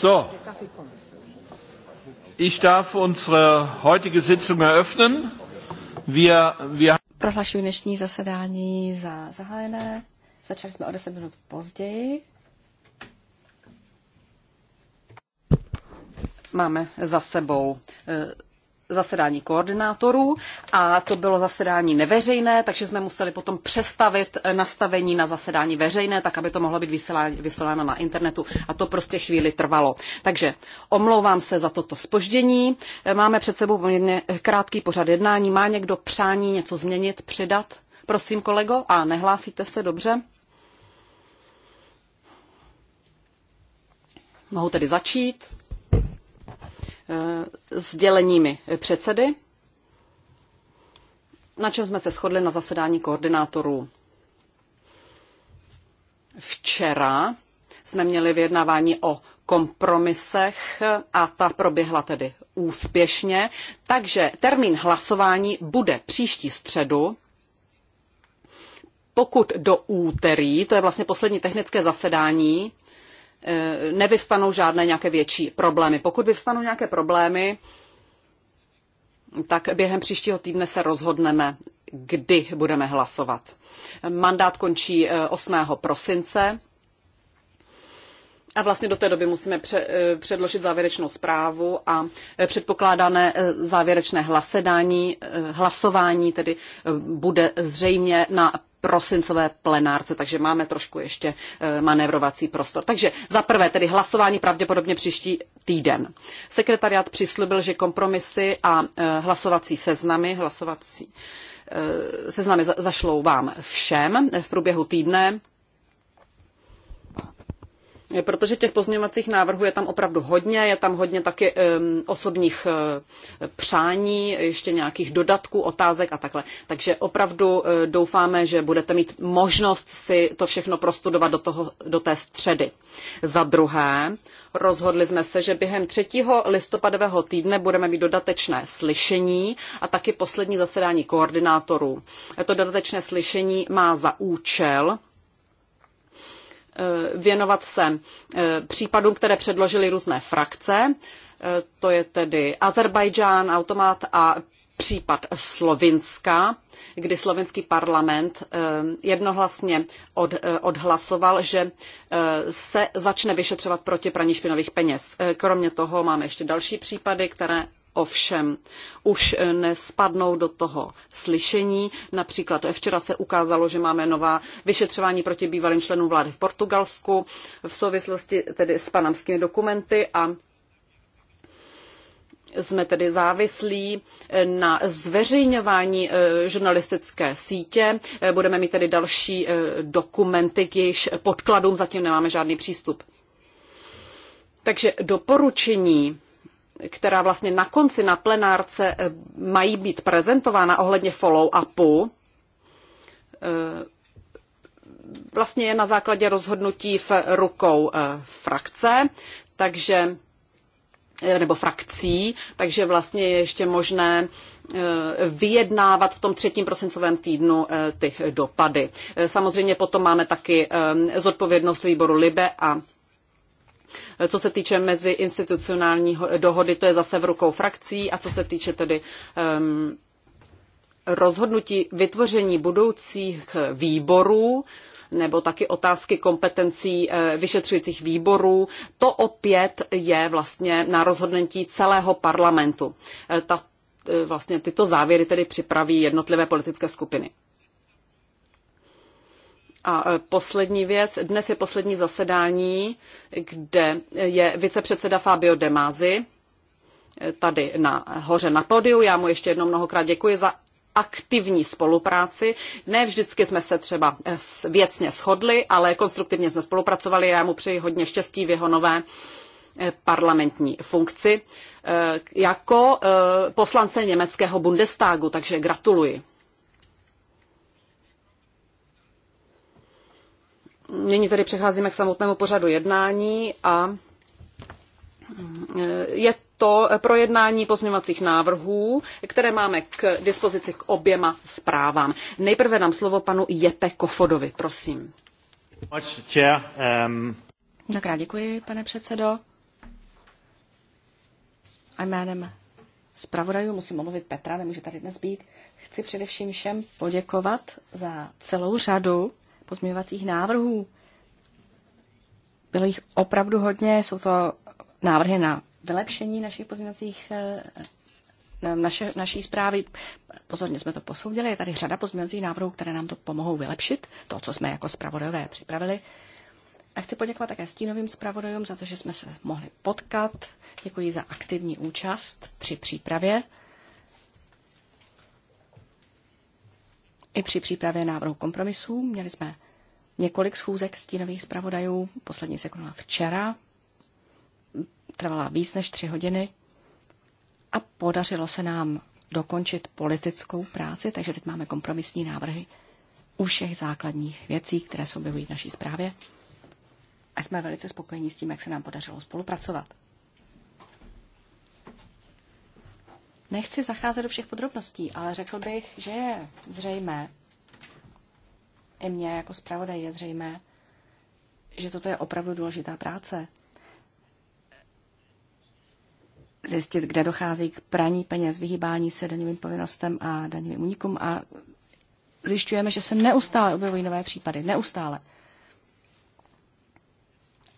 So, ich darf unsere heutige Sitzung eröffnen. Wir, wir Prohlašuji dnešní zasedání za zahájené. Začali jsme o 10 minut později. Máme za sebou eh, zasedání koordinátorů a to bylo zasedání neveřejné, takže jsme museli potom přestavit eh, nastavení na zasedání veřejné, tak aby to mohlo být vysíláno na internetu a to prostě chvíli trvalo. Takže omlouvám se za toto spoždění. Eh, máme před sebou poměrně eh, krátký pořad jednání. Má někdo přání něco změnit, přidat? Prosím, kolego, a nehlásíte se dobře? Mohu tedy začít. Eh, sděleními předsedy, na čem jsme se shodli na zasedání koordinátorů. Včera jsme měli vyjednávání o kompromisech a ta proběhla tedy úspěšně. Takže termín hlasování bude příští středu. Pokud do úterý, to je vlastně poslední technické zasedání, Eh, nevyvstanou žádné nějaké větší problémy. Pokud vyvstanou nějaké problémy, tak během příštího týdne se rozhodneme, kdy budeme hlasovat. Mandát končí 8. Eh, prosince a vlastně do té doby musíme eh, předložit závěrečnou zprávu a předpokládané závěrečné hlasování, hlasování tedy bude zřejmě na prosincové plenárce, takže máme trošku ještě eh, manévrovací prostor. Takže za prvé tedy hlasování pravděpodobně příští týden. Sekretariat přislíbil, že kompromisy a eh, hlasovací seznamy, hlasovací eh, seznamy zašlou vám všem v průběhu týdne protože těch pozměňovacích návrhů je tam opravdu hodně, je tam hodně taky um, osobních uh, přání, ještě nějakých dodatků, otázek a takhle. Takže opravdu uh, doufáme, že budete mít možnost si to všechno prostudovat do, toho, do té středy. Za druhé, rozhodli jsme se, že během 3. listopadového týdne budeme mít dodatečné slyšení a taky poslední zasedání koordinátorů. To dodatečné slyšení má za účel Eh, věnovat se eh, případům, které předložily různé frakce. Eh, to je tedy Azerbajdžán, automat a případ Slovinska, kdy slovinský parlament jednohlasně od, odhlasoval, že se začne vyšetřovat proti praní špinavých peněz. Kromě toho máme ještě další případy, které ovšem už eh, nespadnou do toho slyšení. Například eh, včera se ukázalo, že máme nová vyšetřování proti bývalým členům vlády v Portugalsku v souvislosti tedy s panamskými dokumenty a jsme tedy závislí eh, na zveřejňování žurnalistické sítě. Budeme mít tedy další dokumenty k jejich podkladům zatím nemáme žádný přístup. Takže doporučení která vlastně na konci na plenárce eh, mají být prezentována ohledně follow-upu, eh, vlastně je na základě rozhodnutí v rukou eh, frakce, takže nebo frakcí, takže vlastně je ještě možné vyjednávat v tom třetím prosincovém týdnu ty dopady. Samozřejmě potom máme taky zodpovědnost výboru Libe a co se týče meziinstitucionální dohody, to je zase v rukou frakcí a co se týče tedy um, rozhodnutí vytvoření budoucích výborů, nebo taky otázky kompetencí eh, vyšetřujících výborů. To opět je vlastně na rozhodnutí celého parlamentu. Eh, ta, eh, vlastně tyto závěry tedy připraví jednotlivé politické skupiny. A e, poslední věc, dnes je poslední zasedání, kde je vicepředseda Fabio De Masi, e, tady na hoře na podiu. Já mu ještě jednou mnohokrát děkuji za aktivní spolupráci. Ne vždycky jsme se třeba e, věcně shodli, ale konstruktivně jsme spolupracovali. Já mu přeji hodně štěstí v jeho nové parlamentní funkci jako poslance německého Bundestagu, takže gratuluji. Nyní tedy přecházíme k samotnému pořadu jednání a e, je to projednání pozměňovacích návrhů, které máme k dispozici k oběma zprávám. Nejprve dám slovo panu Jepe Kofodovi, prosím. Mnohokrát děkuji, pane předsedo. A jménem zpravodajů musím omluvit Petra, nemůže tady dnes být. Chci především všem poděkovat za celou řadu pozměňovacích návrhů. Bylo jich opravdu hodně, jsou to návrhy na vylepšení našich pozměňovacích eh, naše, naší zprávy. Pozorně jsme to posoudili. Je tady řada pozměňovacích návrhů, které nám to pomohou vylepšit, to, co jsme jako zpravodajové připravili. A chci poděkovat také stínovým zpravodajům za to, že jsme se mohli potkat. Děkuji za aktivní účast při přípravě. i při přípravě návrhu kompromisů. Měli jsme několik schůzek stínových zpravodajů. Poslední se konala včera. Trvala víc než tři hodiny. A podařilo se nám dokončit politickou práci, takže teď máme kompromisní návrhy u všech základních věcí, které se objevují v naší zprávě. A jsme velice spokojení s tím, jak se nám podařilo spolupracovat. Nechci zacházet do všech podrobností, ale řekl bych, že je zřejmé, i mně jako zpravodaj je zřejmé, že toto je opravdu důležitá práce. Zjistit, kde dochází k praní peněz, vyhýbání se daňovým povinnostem a daňovým únikům a zjišťujeme, že se neustále objevují nové případy. Neustále.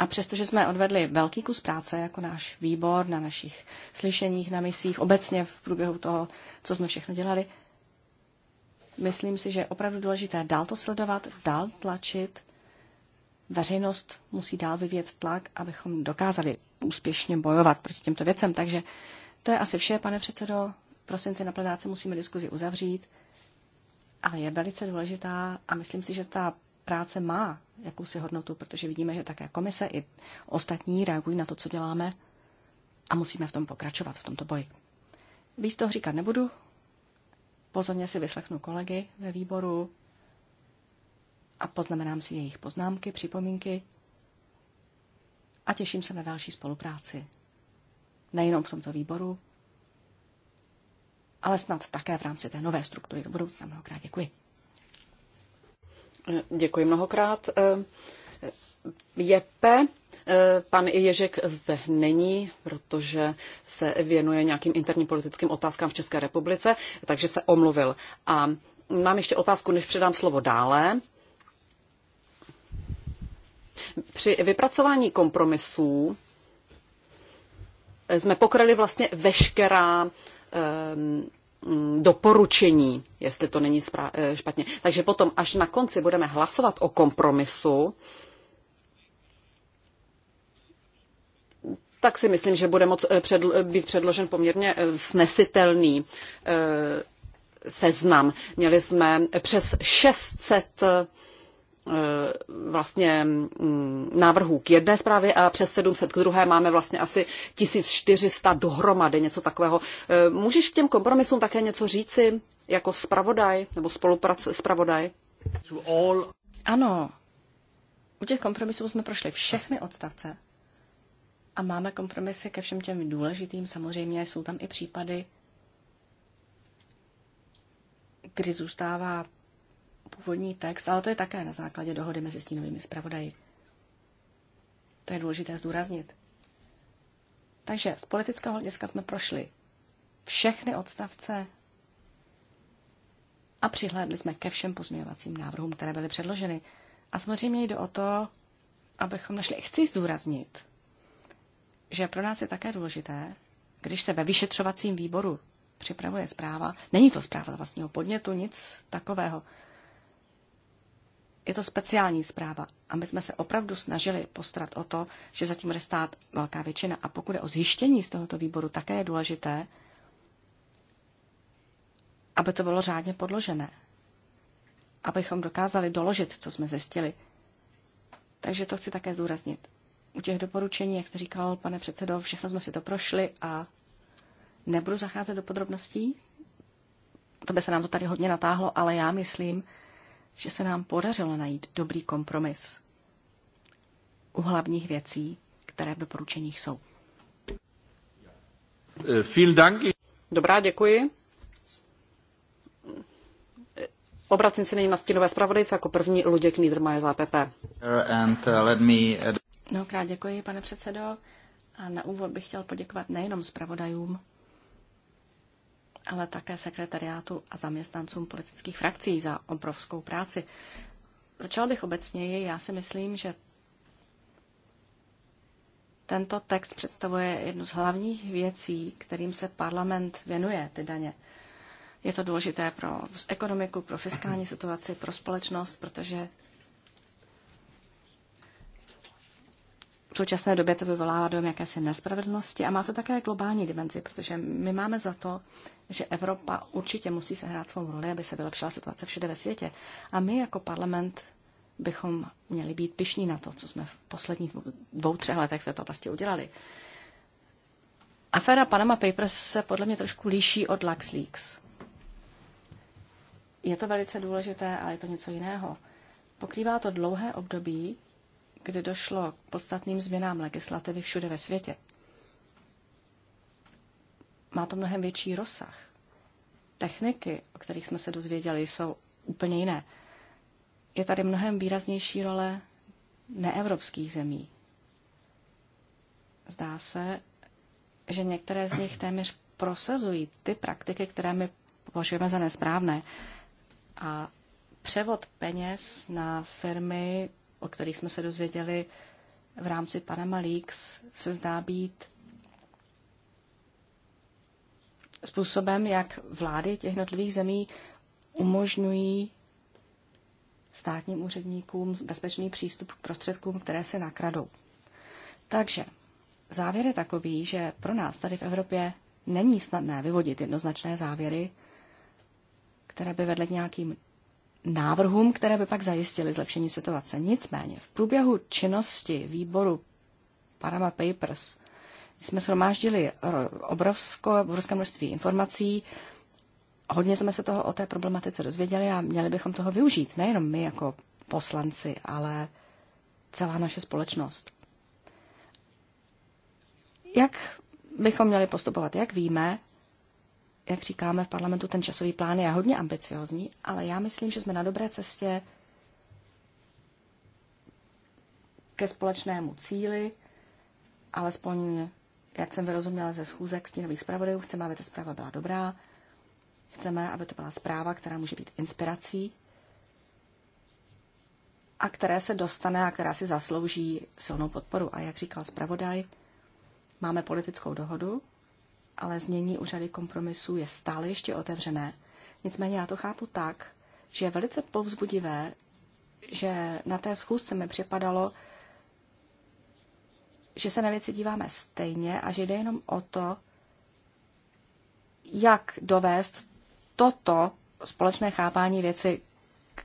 A přestože jsme odvedli velký kus práce jako náš výbor na našich slyšeních, na misích, obecně v průběhu toho, co jsme všechno dělali, myslím si, že je opravdu důležité dál to sledovat, dál tlačit. Veřejnost musí dál vyvíjet tlak, abychom dokázali úspěšně bojovat proti těmto věcem. Takže to je asi vše, pane předsedo. V na plenáce musíme diskuzi uzavřít, ale je velice důležitá a myslím si, že ta práce má jakousi hodnotu, protože vidíme, že také komise i ostatní reagují na to, co děláme a musíme v tom pokračovat, v tomto boji. Víc toho říkat nebudu. Pozorně si vyslechnu kolegy ve výboru a poznamenám si jejich poznámky, připomínky a těším se na další spolupráci. Nejenom v tomto výboru, ale snad také v rámci té nové struktury do budoucna. Mnohokrát děkuji. Děkuji mnohokrát. Eh, Jepe, eh, pan Ježek zde není, protože se věnuje nějakým interním politickým otázkám v České republice, takže se omluvil. A mám ještě otázku, než předám slovo dále. Při vypracování kompromisů jsme pokryli vlastně veškerá um, Mm, doporučení, jestli to není eh, špatně. Takže potom, až na konci budeme hlasovat o kompromisu, tak si myslím, že bude moc eh, předl- eh, být předložen poměrně snesitelný seznam. Měli jsme přes 600 E, vlastně mm, návrhů k jedné zprávě a přes 700 k druhé máme vlastně asi 1400 dohromady, něco takového. E, můžeš k těm kompromisům také něco říci jako spravodaj nebo spolupracu- spravodaj? Ano, u těch kompromisů jsme prošli všechny odstavce a máme kompromisy ke všem těm důležitým. Samozřejmě jsou tam i případy, kdy zůstává původní text, ale to je také na základě dohody mezi stínovými zpravodaji. To je důležité zdůraznit. Takže z politického hlediska jsme prošli všechny odstavce a přihlédli jsme ke všem pozměňovacím návrhům, které byly předloženy. A samozřejmě jde o to, abychom našli. Chci zdůraznit, že pro nás je také důležité, když se ve vyšetřovacím výboru připravuje zpráva, není to zpráva vlastního podnětu, nic takového je to speciální zpráva a my jsme se opravdu snažili postarat o to, že zatím bude stát velká většina. A pokud je o zjištění z tohoto výboru, také je důležité, aby to bylo řádně podložené. Abychom dokázali doložit, co jsme zjistili. Takže to chci také zdůraznit. U těch doporučení, jak jste říkal, pane předsedo, všechno jsme si to prošli a nebudu zacházet do podrobností. To by se nám to tady hodně natáhlo, ale já myslím, že se nám podařilo najít dobrý kompromis u hlavních věcí, které v doporučeních jsou. Eh, Dobrá, děkuji. Obracím se nyní na stínové zpravodajce jako první Luděk Niedermayer za PP. Uh, uh, Mnohokrát děkuji, pane předsedo. A na úvod bych chtěl poděkovat nejenom zpravodajům, ale také sekretariátu a zaměstnancům politických frakcí za obrovskou práci. Začal bych obecněji. Já si myslím, že tento text představuje jednu z hlavních věcí, kterým se parlament věnuje, ty daně. Je to důležité pro ekonomiku, pro fiskální situaci, pro společnost, protože současné době to vyvolává dojem jakési nespravedlnosti a má to také globální dimenzi, protože my máme za to, že Evropa určitě musí sehrát svou roli, aby se vylepšila situace všude ve světě. A my jako parlament bychom měli být pišní na to, co jsme v posledních dvou, třech letech v této oblasti udělali. Aféra Panama Papers se podle mě trošku líší od LuxLeaks. Je to velice důležité, ale je to něco jiného. Pokrývá to dlouhé období, kdy došlo k podstatným změnám legislativy všude ve světě. Má to mnohem větší rozsah. Techniky, o kterých jsme se dozvěděli, jsou úplně jiné. Je tady mnohem výraznější role neevropských zemí. Zdá se, že některé z nich téměř prosazují ty praktiky, které my považujeme za nesprávné. A převod peněz na firmy o kterých jsme se dozvěděli v rámci Panama Leaks, se zdá být způsobem, jak vlády těch jednotlivých zemí umožňují státním úředníkům bezpečný přístup k prostředkům, které se nakradou. Takže závěr je takový, že pro nás tady v Evropě není snadné vyvodit jednoznačné závěry, které by vedly k nějakým návrhům, které by pak zajistily zlepšení situace. Nicméně v průběhu činnosti výboru Panama Papers jsme shromáždili obrovské, obrovské množství informací, hodně jsme se toho o té problematice dozvěděli a měli bychom toho využít, nejenom my jako poslanci, ale celá naše společnost. Jak bychom měli postupovat? Jak víme, jak říkáme v parlamentu, ten časový plán je hodně ambiciozní, ale já myslím, že jsme na dobré cestě ke společnému cíli, alespoň jak jsem vyrozuměla ze schůzek stínových zpravodajů, chceme, aby ta zpráva byla dobrá, chceme, aby to byla zpráva, která může být inspirací a které se dostane a která si zaslouží silnou podporu. A jak říkal zpravodaj, máme politickou dohodu, ale znění u řady kompromisů je stále ještě otevřené. Nicméně já to chápu tak, že je velice povzbudivé, že na té schůzce mi připadalo, že se na věci díváme stejně a že jde jenom o to, jak dovést toto společné chápání věci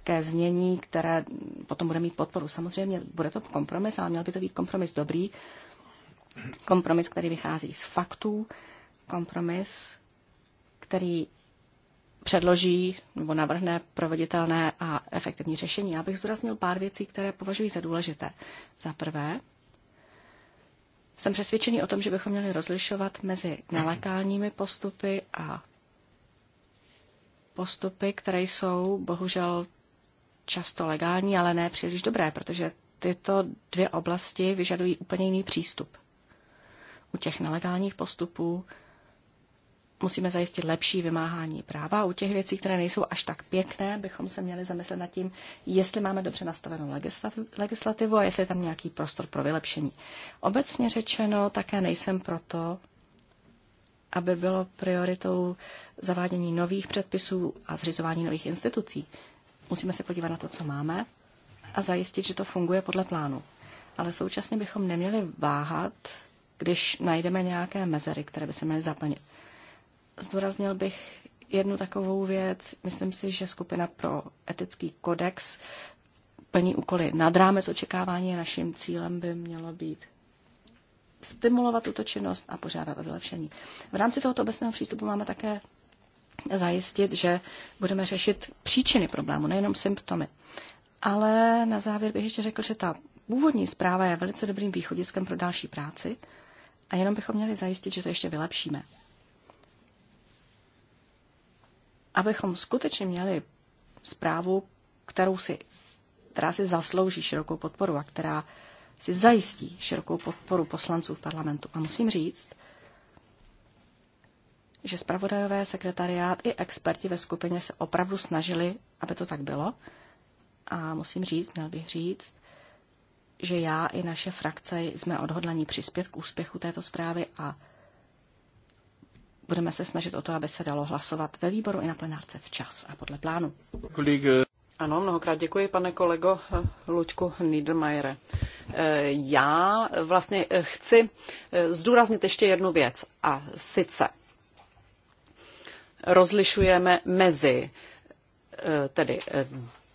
ke znění, které potom bude mít podporu. Samozřejmě bude to kompromis, ale měl by to být kompromis dobrý, kompromis, který vychází z faktů, kompromis, který předloží nebo navrhne proveditelné a efektivní řešení. Já bych zdůraznil pár věcí, které považuji za důležité. Za prvé, jsem přesvědčený o tom, že bychom měli rozlišovat mezi nelegálními postupy a postupy, které jsou bohužel často legální, ale ne příliš dobré, protože tyto dvě oblasti vyžadují úplně jiný přístup. U těch nelegálních postupů musíme zajistit lepší vymáhání práva. U těch věcí, které nejsou až tak pěkné, bychom se měli zamyslet nad tím, jestli máme dobře nastavenou legislativu a jestli je tam nějaký prostor pro vylepšení. Obecně řečeno, také nejsem proto, aby bylo prioritou zavádění nových předpisů a zřizování nových institucí. Musíme se podívat na to, co máme a zajistit, že to funguje podle plánu. Ale současně bychom neměli váhat, když najdeme nějaké mezery, které by se měly zaplnit. Zdůraznil bych jednu takovou věc. Myslím si, že skupina pro etický kodex plní úkoly nad rámec očekávání. Naším cílem by mělo být stimulovat tuto činnost a požádat o vylepšení. V rámci tohoto obecného přístupu máme také zajistit, že budeme řešit příčiny problému, nejenom symptomy. Ale na závěr bych ještě řekl, že ta původní zpráva je velice dobrým východiskem pro další práci a jenom bychom měli zajistit, že to ještě vylepšíme. abychom skutečně měli zprávu, kterou si, která si zaslouží širokou podporu a která si zajistí širokou podporu poslanců v parlamentu. A musím říct, že zpravodajové sekretariát i experti ve skupině se opravdu snažili, aby to tak bylo. A musím říct, měl bych říct, že já i naše frakce jsme odhodlaní přispět k úspěchu této zprávy a budeme se snažit o to, aby se dalo hlasovat ve výboru i na plenárce včas a podle plánu. Kolíge. Ano, mnohokrát děkuji, pane kolego Luďku Niedermayere. Eh, já vlastně eh, chci eh, zdůraznit ještě jednu věc a sice rozlišujeme mezi tedy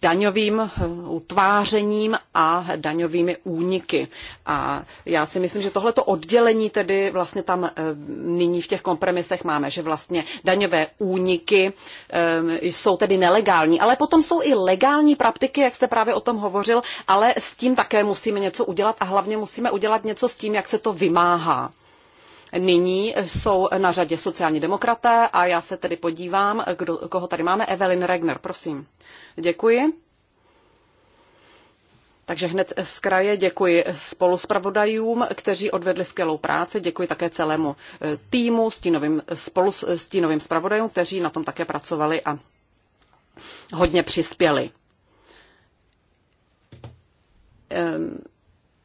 daňovým eh, utvářením a daňovými úniky. A já si myslím, že tohleto oddělení tedy vlastně tam eh, nyní v těch kompromisech máme, že vlastně daňové úniky eh, jsou tedy nelegální, ale potom jsou i legální praktiky, jak jste právě o tom hovořil, ale s tím také musíme něco udělat a hlavně musíme udělat něco s tím, jak se to vymáhá. Nyní jsou na řadě sociální demokraté a já se tedy podívám, kdo, koho tady máme. Evelyn Regner, prosím. Děkuji. Takže hned z kraje děkuji spoluspravodajům, kteří odvedli skvělou práci, děkuji také celému e, týmu, stínovým, spolu e, stínovým spravodajům, kteří na tom také pracovali a hodně přispěli. Ehm,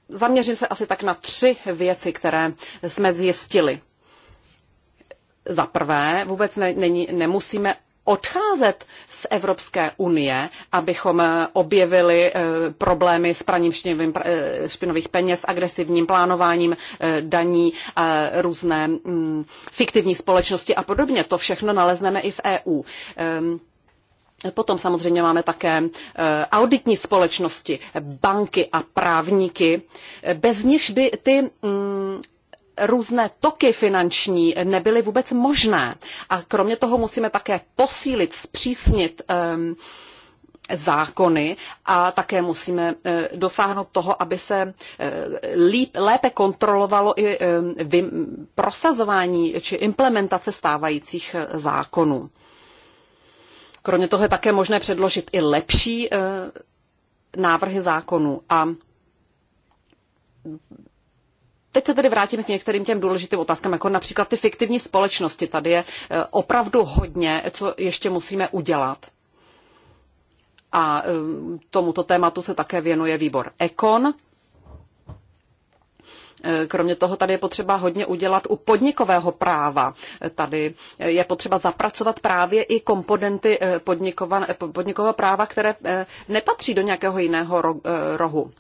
zaměřím se asi tak na tři věci, které jsme zjistili. Za prvé, vůbec ne, není, nemusíme odcházet z Evropské unie, abychom eh, objevili eh, problémy s praním eh, špinových peněz, agresivním plánováním daní, různé mm, fiktivní společnosti a podobně. To všechno nalezneme i v EU. Ehm, Potom samozřejmě máme také eh, auditní společnosti, banky a právníky, bez nich by ty mm, různé toky finanční nebyly vůbec možné. A kromě toho musíme také posílit, zpřísnit ehm, zákony a také musíme eh, dosáhnout toho, aby se eh, líp, lépe kontrolovalo i ehm, prosazování či implementace stávajících zákonů. Kromě toho je také možné předložit i lepší eh, návrhy zákonů. A Teď se tedy vrátím k některým těm důležitým otázkám, jako například ty fiktivní společnosti. Tady je eh, opravdu hodně, co ještě musíme udělat. A eh, tomuto tématu se také věnuje výbor Ekon. Eh, kromě toho tady je potřeba hodně udělat u podnikového práva. Eh, tady eh, je potřeba zapracovat právě i komponenty podnikového práva, které nepatří do nějakého jiného rohu.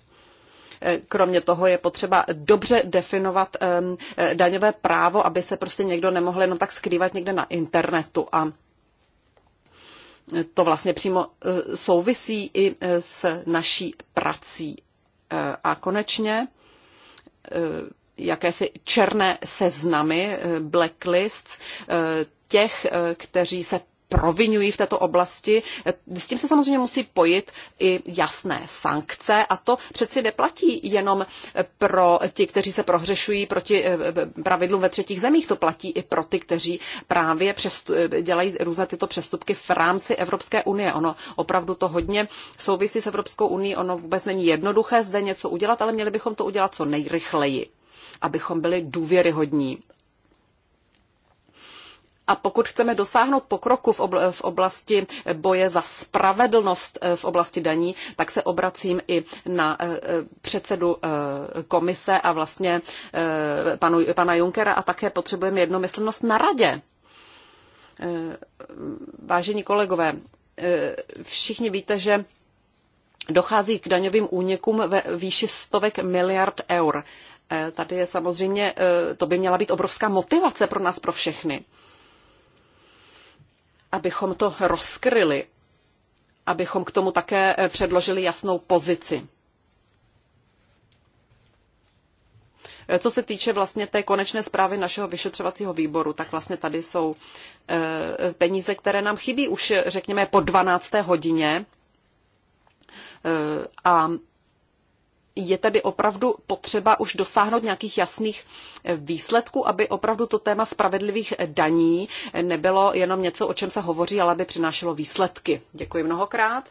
Kromě toho je potřeba dobře definovat ehm, daňové právo, aby se prostě někdo nemohl jenom tak skrývat někde na internetu a to vlastně přímo souvisí i s naší prací. A konečně Eh, jakési černé seznamy, eh, blacklists eh, těch, kteří se provinují v této oblasti. S tím se samozřejmě musí pojit i jasné sankce a to přeci neplatí jenom pro ti, kteří se prohřešují proti eh, eh, pravidlům ve třetích zemích, to platí i pro ty, kteří právě přestu, eh, dělají různé tyto přestupky v rámci Evropské unie. Ono opravdu to hodně souvisí s Evropskou unii, ono vůbec není jednoduché zde něco udělat, ale měli bychom to udělat co nejrychleji abychom byli důvěryhodní a pokud chceme dosáhnout pokroku v oblasti boje za spravedlnost eh, v oblasti daní, tak se obracím i na eh, eh, předsedu komise a vlastně panu, pana Junkera a také potřebujeme jednomyslnost na radě. Vážení kolegové, všichni víte, že dochází k daňovým únikům ve výši stovek miliard eur. Tady je samozřejmě, to by měla být obrovská motivace pro nás, pro všechny abychom to rozkryli, abychom k tomu také eh, předložili jasnou pozici. Eh, co se týče vlastně té konečné zprávy našeho vyšetřovacího výboru, tak vlastně tady jsou eh, peníze, které nám chybí už, řekněme, po 12. hodině. A je tady opravdu potřeba už dosáhnout nějakých jasných eh, výsledků, aby opravdu to téma spravedlivých eh, daní eh, nebylo jenom něco, o čem se hovoří, ale aby přinášelo výsledky. Děkuji mnohokrát,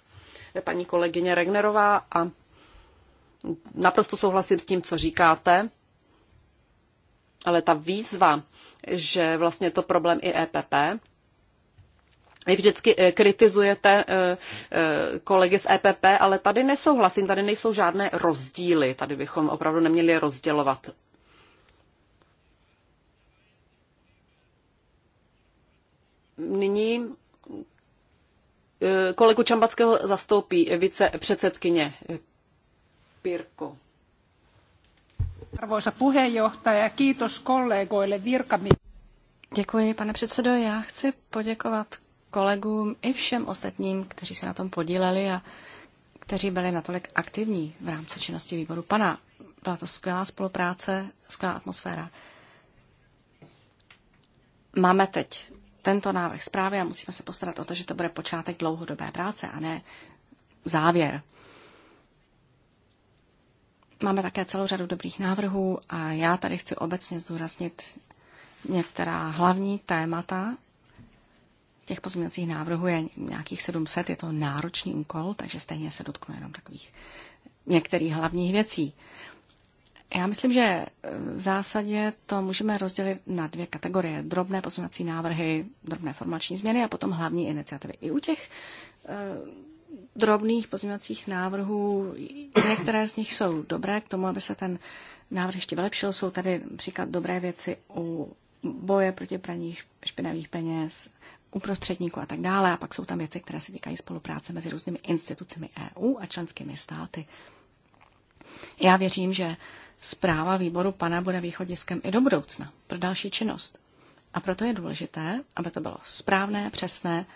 paní kolegyně Regnerová, a naprosto souhlasím s tím, co říkáte, ale ta výzva, že vlastně to problém i EPP, vy vždycky eh, kritizujete eh, eh, kolegy z EPP, ale tady nesouhlasím, tady nejsou žádné rozdíly, tady bychom opravdu neměli rozdělovat. Nyní kolegu Čambackého zastoupí vicepředsedkyně Pirko. Arvoisa puheenjohtaja, kiitos kollegoille virkamiehille. Děkuji, pane předsedo. Já chci poděkovat kolegům i všem ostatním, kteří se na tom podíleli a kteří byli natolik aktivní v rámci činnosti výboru pana. Byla to skvělá spolupráce, skvělá atmosféra. Máme teď tento návrh zprávy a musíme se postarat o to, že to bude počátek dlouhodobé práce a ne závěr. Máme také celou řadu dobrých návrhů a já tady chci obecně zdůraznit některá hlavní témata, Těch pozměňovacích návrhů je nějakých 700, je to náročný úkol, takže stejně se dotknu jenom takových některých hlavních věcí. Já myslím, že v zásadě to můžeme rozdělit na dvě kategorie. Drobné pozměňovací návrhy, drobné formační změny a potom hlavní iniciativy. I u těch eh, drobných pozměňovacích návrhů, některé z nich jsou dobré k tomu, aby se ten návrh ještě vylepšil. Jsou tady příklad dobré věci u boje proti praní špinavých peněz, u a tak dále. A pak jsou tam věci, které se týkají spolupráce mezi různými institucemi EU a členskými státy. Já věřím, že zpráva výboru pana bude východiskem i do budoucna pro další činnost. A proto je důležité, aby to bylo správné, přesné,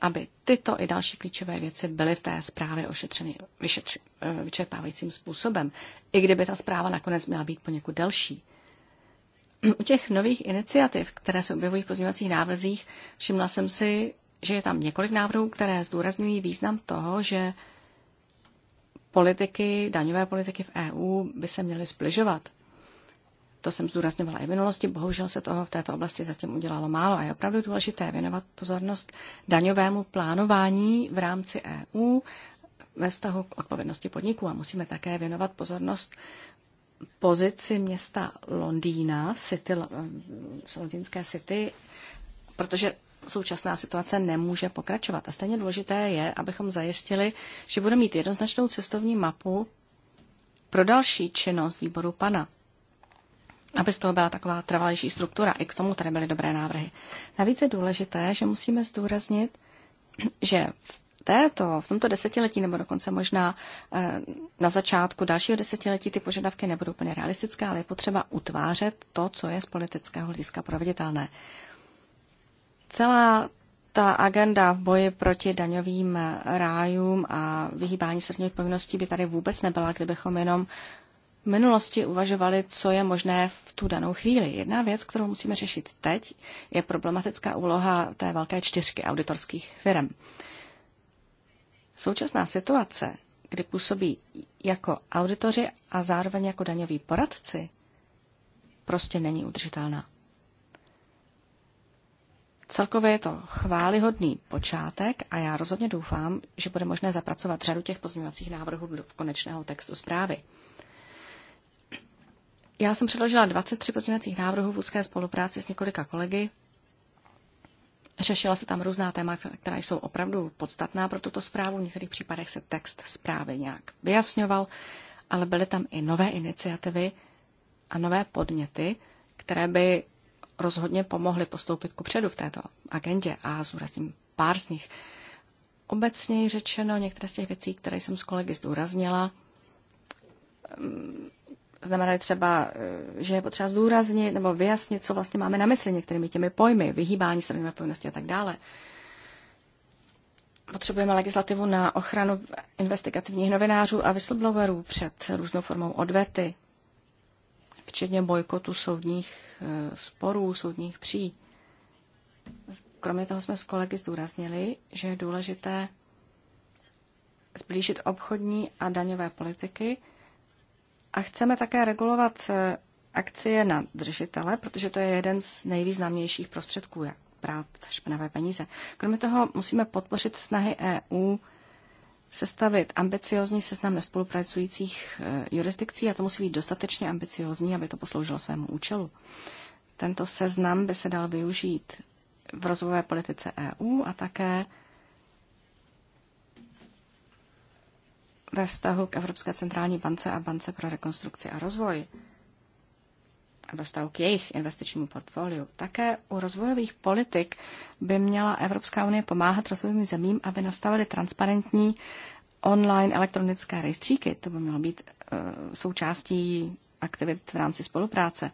aby tyto i další klíčové věci byly v té zprávě ošetřeny vyšetř, vyčerpávajícím způsobem, i kdyby ta zpráva nakonec měla být poněkud delší. U těch nových iniciativ, které se objevují v pozměňovacích návrzích, všimla jsem si, že je tam několik návrhů, které zdůrazňují význam toho, že politiky, daňové politiky v EU by se měly spližovat. To jsem zdůrazňovala i v minulosti, bohužel se toho v této oblasti zatím udělalo málo a je opravdu důležité věnovat pozornost daňovému plánování v rámci EU ve vztahu k odpovědnosti podniků a musíme také věnovat pozornost pozici města Londýna, city, londýnské city, protože současná situace nemůže pokračovat. A stejně důležité je, abychom zajistili, že budeme mít jednoznačnou cestovní mapu pro další činnost výboru pana. Aby z toho byla taková trvalější struktura. I k tomu tady byly dobré návrhy. Navíc je důležité, že musíme zdůraznit, že v této, v tomto desetiletí nebo dokonce možná eh, na začátku dalšího desetiletí ty požadavky nebudou úplně realistické, ale je potřeba utvářet to, co je z politického hlediska proveditelné. Celá ta agenda v boji proti daňovým eh, rájům a vyhýbání se povinností by tady vůbec nebyla, kdybychom jenom v minulosti uvažovali, co je možné v tu danou chvíli. Jedna věc, kterou musíme řešit teď, je problematická úloha té velké čtyřky auditorských firm. Současná situace, kdy působí jako auditoři a zároveň jako daňoví poradci, prostě není udržitelná. Celkově je to chválihodný počátek a já rozhodně doufám, že bude možné zapracovat řadu těch pozměňovacích návrhů do konečného textu zprávy. Já jsem předložila 23 pozměňovacích návrhů v úzké spolupráci s několika kolegy Řešila se tam různá témata, která jsou opravdu podstatná pro tuto zprávu. V některých případech se text zprávy nějak vyjasňoval, ale byly tam i nové iniciativy a nové podněty, které by rozhodně pomohly postoupit ku předu v této agendě a zúrazním pár z nich. Obecněji řečeno, některé z těch věcí, které jsem s kolegy zdůraznila, znamená třeba, eh, že je potřeba zdůraznit nebo vyjasnit, co vlastně máme na mysli některými těmi pojmy, vyhýbání se povinnosti a tak dále. Potřebujeme legislativu na ochranu investigativních novinářů a whistleblowerů před různou formou odvety, včetně bojkotu soudních eh, sporů, soudních pří. Kromě toho jsme s kolegy zdůraznili, že je důležité zblížit obchodní a daňové politiky, a chceme také regulovat eh, akcie na držitele, protože to je jeden z nejvýznamnějších prostředků, jak brát špinavé peníze. Kromě toho musíme podpořit snahy EU sestavit ambiciozní seznam nespolupracujících eh, jurisdikcí a to musí být dostatečně ambiciozní, aby to posloužilo svému účelu. Tento seznam by se dal využít v rozvojové politice EU a také ve vztahu k Evropské centrální bance a Bance pro rekonstrukci a rozvoj a ve vztahu k jejich investičnímu portfoliu. Také u rozvojových politik by měla Evropská unie pomáhat rozvojovým zemím, aby nastavili transparentní online elektronické rejstříky. To by mělo být uh, součástí aktivit v rámci spolupráce.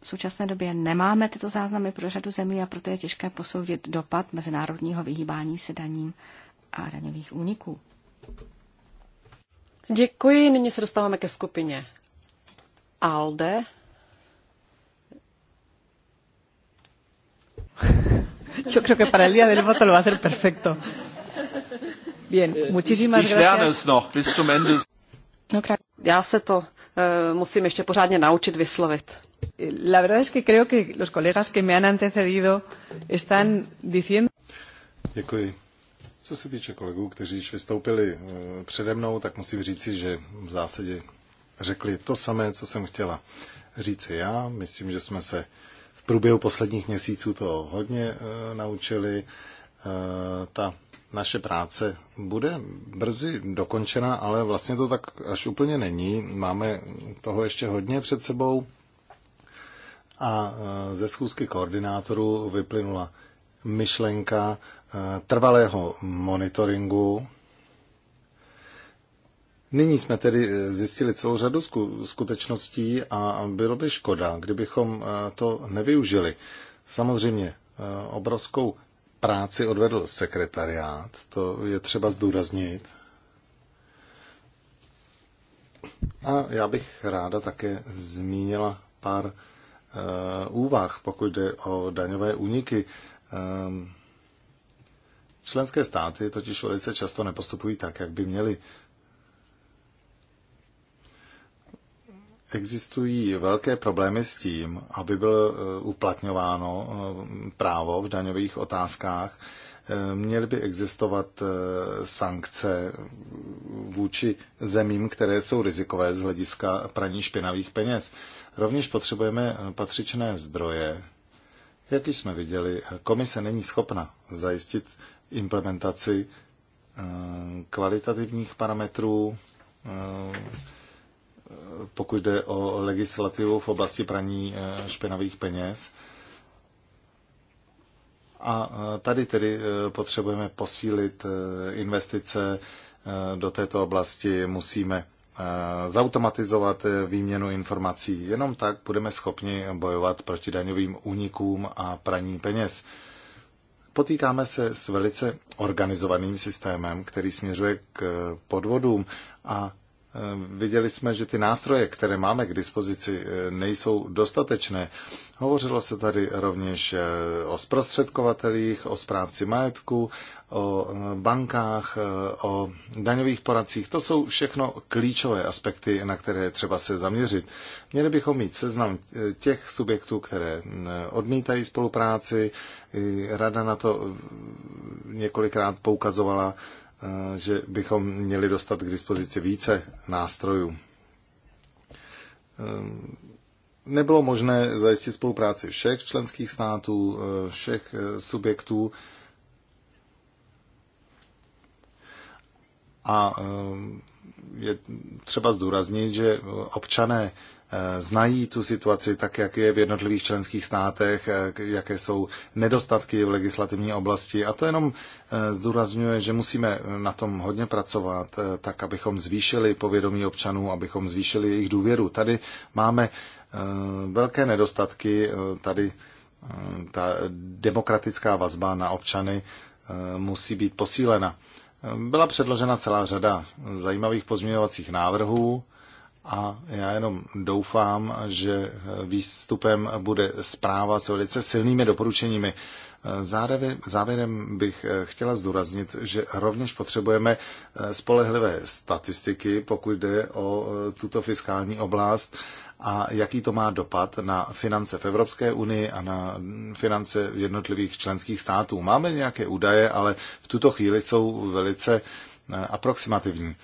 V současné době nemáme tyto záznamy pro řadu zemí a proto je těžké posoudit dopad mezinárodního vyhýbání se daním a daňových úniků. Děkuji, nyní se dostáváme ke skupině ALDE. Yo creo que para el día del voto lo va a hacer perfecto. Bien, eh, muchísimas gracias. No, ya se to uh, musím ještě pořádně naučit vyslovit. Eh, la verdad es que creo que los colegas que me han antecedido están diciendo. Děkuji. Co se týče kolegů, kteří již vystoupili eh, přede mnou, tak musím říci, že v zásadě řekli to samé, co jsem chtěla říci já. Myslím, že jsme se v průběhu posledních měsíců to hodně eh, naučili. Eh, ta naše práce bude brzy dokončena, ale vlastně to tak až úplně není. Máme toho ještě hodně před sebou. A ze schůzky koordinátorů vyplynula myšlenka Eh, trvalého monitoringu. Nyní jsme tedy eh, zjistili celou řadu skutečností a bylo by škoda, kdybychom eh, to nevyužili. Samozřejmě obrovskou práci odvedl sekretariát, to je třeba zdůraznit. A já bych ráda také zmínila pár úvah, pokud jde o daňové úniky. Ehm, Členské státy totiž velice často nepostupují tak, jak by měly. Existují velké problémy s tím, aby bylo eh, uplatňováno eh, právo v daňových otázkách. Eh, měly by existovat sankce vůči zemím, které jsou rizikové z hlediska praní špinavých peněz. Rovněž potřebujeme patřičné zdroje. Jak již jsme viděli, komise není schopna zajistit implementaci eh, kvalitativních parametrů, eh, pokud jde o legislativu v oblasti praní eh, špinavých peněz. A tady tedy potřebujeme posílit investice do této oblasti, musíme zautomatizovat výměnu informací. Jenom tak budeme schopni bojovat proti daňovým únikům a praní peněz. Potýkáme se s velice organizovaným systémem, který směřuje k podvodům a Eh, viděli jsme, že ty nástroje, které máme k dispozici, eh, nejsou dostatečné. Hovořilo se tady rovněž eh, o zprostředkovatelích, o správci majetku, o bankách, o daňových poradcích. To jsou všechno klíčové aspekty, na které třeba se zaměřit. Měli bychom mít seznam těch subjektů, které mm, odmítají spolupráci. Rada na to několikrát poukazovala že bychom měli dostat k dispozici více nástrojů. Ehm, nebylo možné zajistit spolupráci všech členských států, e, všech e, subjektů a ehm, je třeba zdůraznit, že občané Eh, znají tu situaci tak, jak je v jednotlivých členských státech, eh, jaké jsou nedostatky v legislativní oblasti. A to jenom eh, zdůrazňuje, že musíme na tom hodně pracovat, tak abychom zvýšili povědomí občanů, abychom zvýšili jejich důvěru. Tady máme velké nedostatky, tady ta demokratická vazba na občany musí být posílena. Byla předložena celá řada zajímavých pozměňovacích návrhů. A já jenom doufám, že výstupem bude zpráva s velice silnými doporučeními. Závěrem bych eh, chtěla zdůraznit, že rovněž potřebujeme eh, spolehlivé statistiky, pokud jde o eh, tuto fiskální oblast a jaký to má dopad na finance v Evropské unii a na mm, finance jednotlivých členských států. Máme nějaké údaje, ale v tuto chvíli jsou velice aproximativní.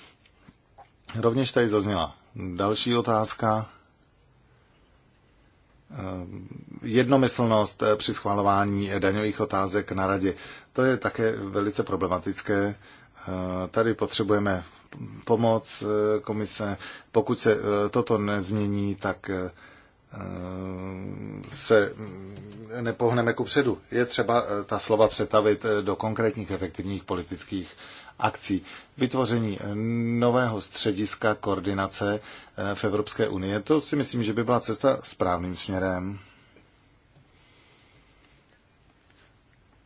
Rovněž tady zazněla Další otázka. Ehm, jednomyslnost eh, při schvalování eh, daňových otázek na radě. To je také velice problematické. Ehm, tady potřebujeme pomoc eh, komise. Pokud se toto nezmění, tak ehm, se mm, nepohneme ku předu. Je třeba ta slova přetavit do konkrétních efektivních politických akcí. Vytvoření eh, nového střediska koordinace eh, v Evropské unii, to si myslím, že by byla cesta správným směrem.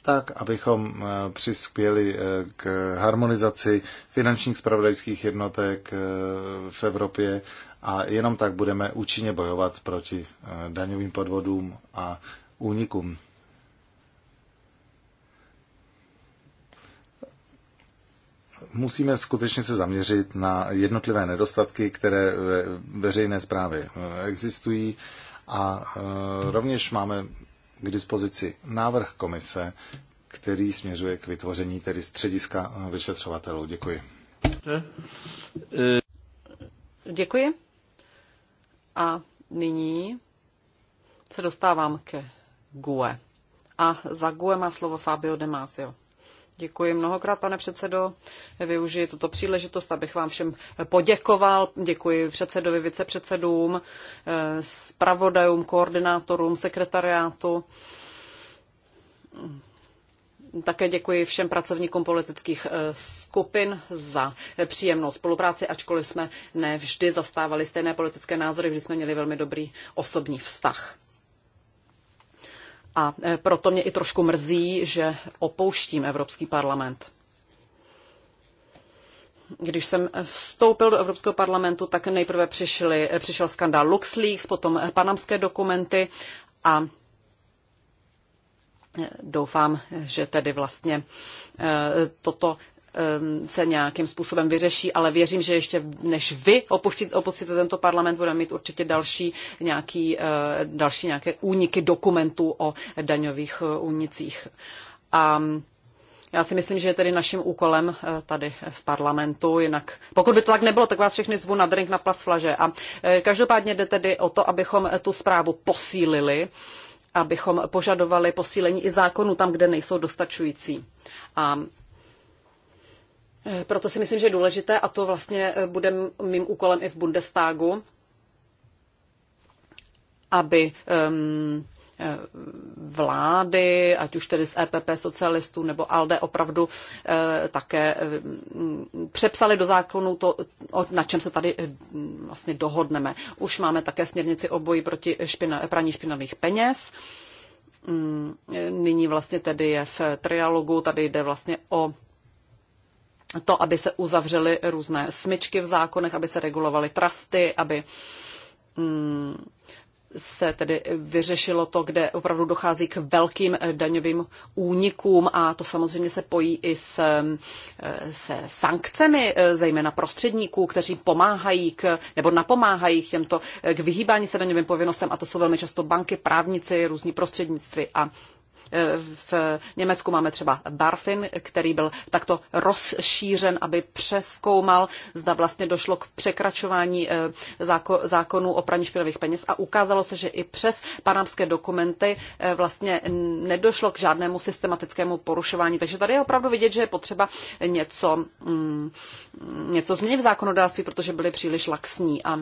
tak, abychom eh, přispěli k harmonizaci finančních spravodajských jednotek v Evropě a jenom tak budeme účinně bojovat proti daňovým podvodům a únikům. musíme skutečně se zaměřit na jednotlivé nedostatky, které ve veřejné zprávě eh, existují a eh, rovněž máme k dispozici návrh komise, který směřuje k vytvoření tedy střediska eh, vyšetřovatelů. Děkuji. Děkuji. A nyní se dostávám ke GUE. A za GUE má slovo Fabio De Masio. Děkuji mnohokrát, pane předsedo. Využiji tuto příležitost, abych vám všem poděkoval. Děkuji předsedovi, vicepředsedům, zpravodajům, koordinátorům, sekretariátu. Také děkuji všem pracovníkům politických eh, skupin za příjemnou spolupráci, ačkoliv jsme nevždy zastávali stejné politické názory, vždy jsme měli velmi dobrý osobní vztah. A e, proto mě i trošku mrzí, že opouštím Evropský parlament. Když jsem vstoupil do Evropského parlamentu, tak nejprve přišli, e, přišel skandál LuxLeaks, potom e, panamské dokumenty a doufám, že tedy vlastně toto Ehm, se nějakým způsobem vyřeší, ale věřím, že ještě než vy opustit, opustíte tento parlament, budeme mít určitě další, nějaký, eh, další nějaké úniky dokumentů o daňových eh, únicích. A mm, já si myslím, že je tedy naším úkolem eh, tady v parlamentu, jinak pokud by to tak nebylo, tak vás všechny zvu na drink na plas flaže. A každopádně jde tedy o to, abychom tu zprávu posílili, abychom požadovali posílení i zákonů tam, kde nejsou dostačující. A proto si myslím, že je důležité, a to vlastně bude mým úkolem i v Bundestagu, aby um, vlády, ať už tedy z EPP socialistů nebo ALDE, opravdu eh, také přepsali do zákonu to, na čem se tady eh, vlastně dohodneme. Už máme také směrnici o boji proti špina, praní špinavých peněz. Mm, nyní vlastně tedy je v trialogu, tady jde vlastně o to, aby se uzavřely různé smyčky v zákonech, aby se regulovaly trusty, aby mm, se tedy vyřešilo to, kde opravdu dochází k velkým eh, daňovým únikům a to samozřejmě se pojí i s, eh, se sankcemi, eh, zejména prostředníků, kteří pomáhají k, nebo napomáhají k těmto, k vyhýbání se daňovým povinnostem a to jsou velmi často banky, právníci, různí prostřednictví a v Německu máme třeba Barfin, který byl takto rozšířen, aby přeskoumal, zda vlastně došlo k překračování eh, zákonů o praní špinavých peněz a ukázalo se, že i přes panamské dokumenty eh, vlastně nedošlo k žádnému systematickému porušování. Takže tady je opravdu vidět, že je potřeba něco, mm, něco změnit v zákonodárství, protože byly příliš laxní. A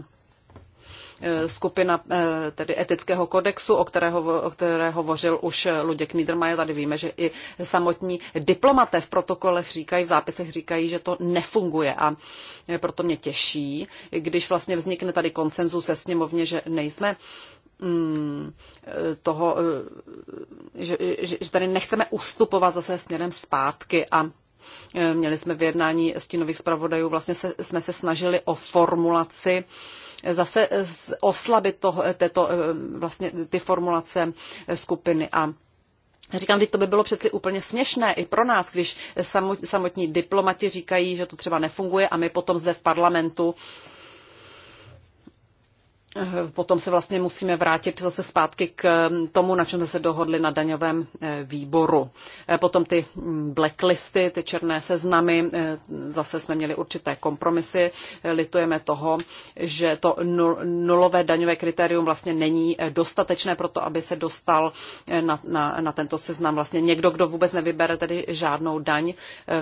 Eh, skupina eh, tedy etického kodexu, o které, o které hovořil už eh, Luděk Niedermayer. Tady víme, že i samotní diplomaté v protokolech říkají, v zápisech říkají, že to nefunguje a proto mě těší, když vlastně vznikne tady konsenzus ve sněmovně, že nejsme mm, toho, že, že, že tady nechceme ustupovat zase směrem zpátky a měli jsme v jednání stínových zpravodajů, vlastně se, jsme se snažili o formulaci, zase oslabit to, této, eh, vlastně ty formulace eh, skupiny a Říkám, že to by bylo přeci úplně směšné i pro nás, když samotní diplomati říkají, že to třeba nefunguje a my potom zde v parlamentu potom se vlastně musíme vrátit zase zpátky k mm, tomu, na čem jsme se dohodli na daňovém eh, výboru. Eh, potom ty mm, blacklisty, ty černé seznamy, eh, zase jsme měli určité kompromisy. Litujeme toho, že to nulové daňové kritérium vlastně není dostatečné pro to, aby se dostal na, na, na tento seznam vlastně někdo, kdo vůbec nevybere tedy žádnou daň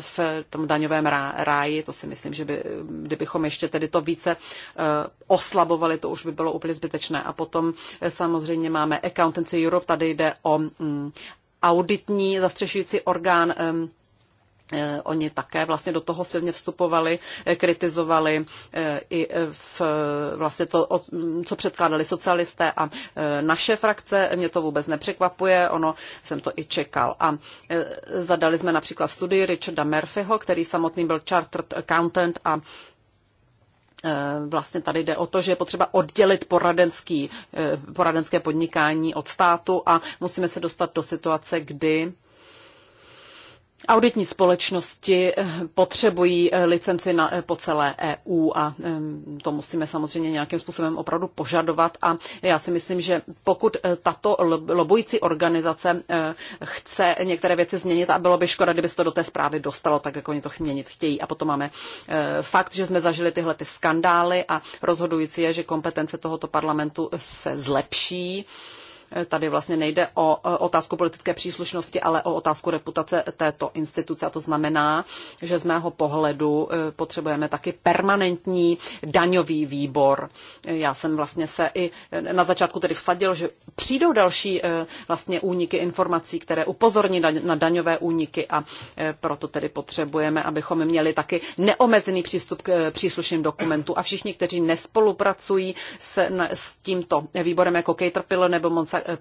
v tom daňovém ráji. To si myslím, že by, kdybychom ještě tedy to více oslabovali, to už by bylo úplně zbytečné. A potom eh, samozřejmě máme Accountancy Europe, tady jde o mm, auditní zastřešující orgán eh, Oni také vlastně do toho silně vstupovali, eh, kritizovali i v, vlastně to, mm, co předkládali socialisté a naše frakce. Mě to vůbec nepřekvapuje, ono jsem to i čekal. A zadali jsme například studii Richarda Murphyho, který samotný byl chartered accountant a Eh, vlastně tady jde o to, že je potřeba oddělit poradenský, eh, poradenské podnikání od státu a musíme se dostat do situace, kdy Auditní společnosti eh, potřebují eh, licenci na, eh, po celé EU a to musíme samozřejmě nějakým způsobem opravdu požadovat. A já si myslím, že pokud tato lobující organizace chce některé věci změnit a bylo by škoda, kdyby se to do té zprávy dostalo, tak jak oni to měnit chtějí. A potom máme fakt, že jsme zažili tyhle ty skandály a rozhodující je, že kompetence tohoto parlamentu se zlepší. Tady vlastně nejde o e, otázku politické příslušnosti, ale o otázku reputace této instituce. A to znamená, že z mého pohledu e, potřebujeme taky permanentní daňový výbor. E, já jsem vlastně se i na začátku tedy vsadil, že přijdou další vlastně úniky informací, které upozorní na daňové úniky a proto tedy potřebujeme, abychom měli taky neomezený přístup k příslušným dokumentům a všichni, kteří nespolupracují s, s tímto výborem jako Caterpillar nebo Monsanto, Eh,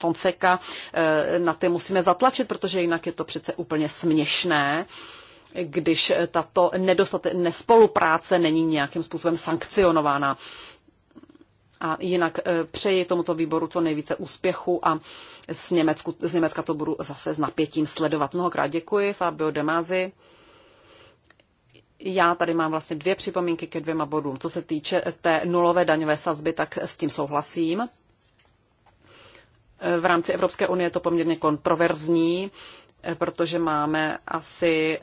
Fonseca, eh, na ty musíme zatlačit, protože jinak je to přece úplně směšné když tato nedostate- nespolupráce není nějakým způsobem sankcionována. A jinak eh, přeji tomuto výboru co nejvíce úspěchu a z, Německu, z Německa to budu zase s napětím sledovat. Mnohokrát děkuji, Fabio Demázi. Já tady mám vlastně dvě připomínky ke dvěma bodům. Co se týče té nulové daňové sazby, tak s tím souhlasím v rámci Evropské unie je to poměrně kontroverzní, eh, protože máme asi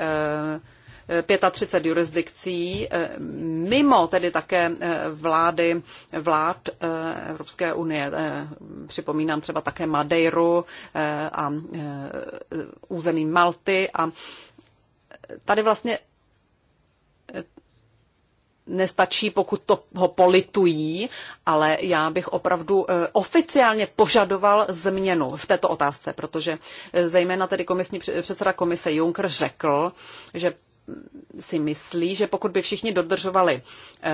35 eh, jurisdikcí, eh, mimo tedy také vlády vlád Evropské unie. Připomínám třeba také Madeiru a území Malty a tady vlastně nestačí, pokud to ho politují, ale já bych opravdu eh, oficiálně požadoval změnu v této otázce, protože eh, zejména tedy komisní, předseda komise Juncker řekl, že si myslí, že pokud by všichni dodržovali eh,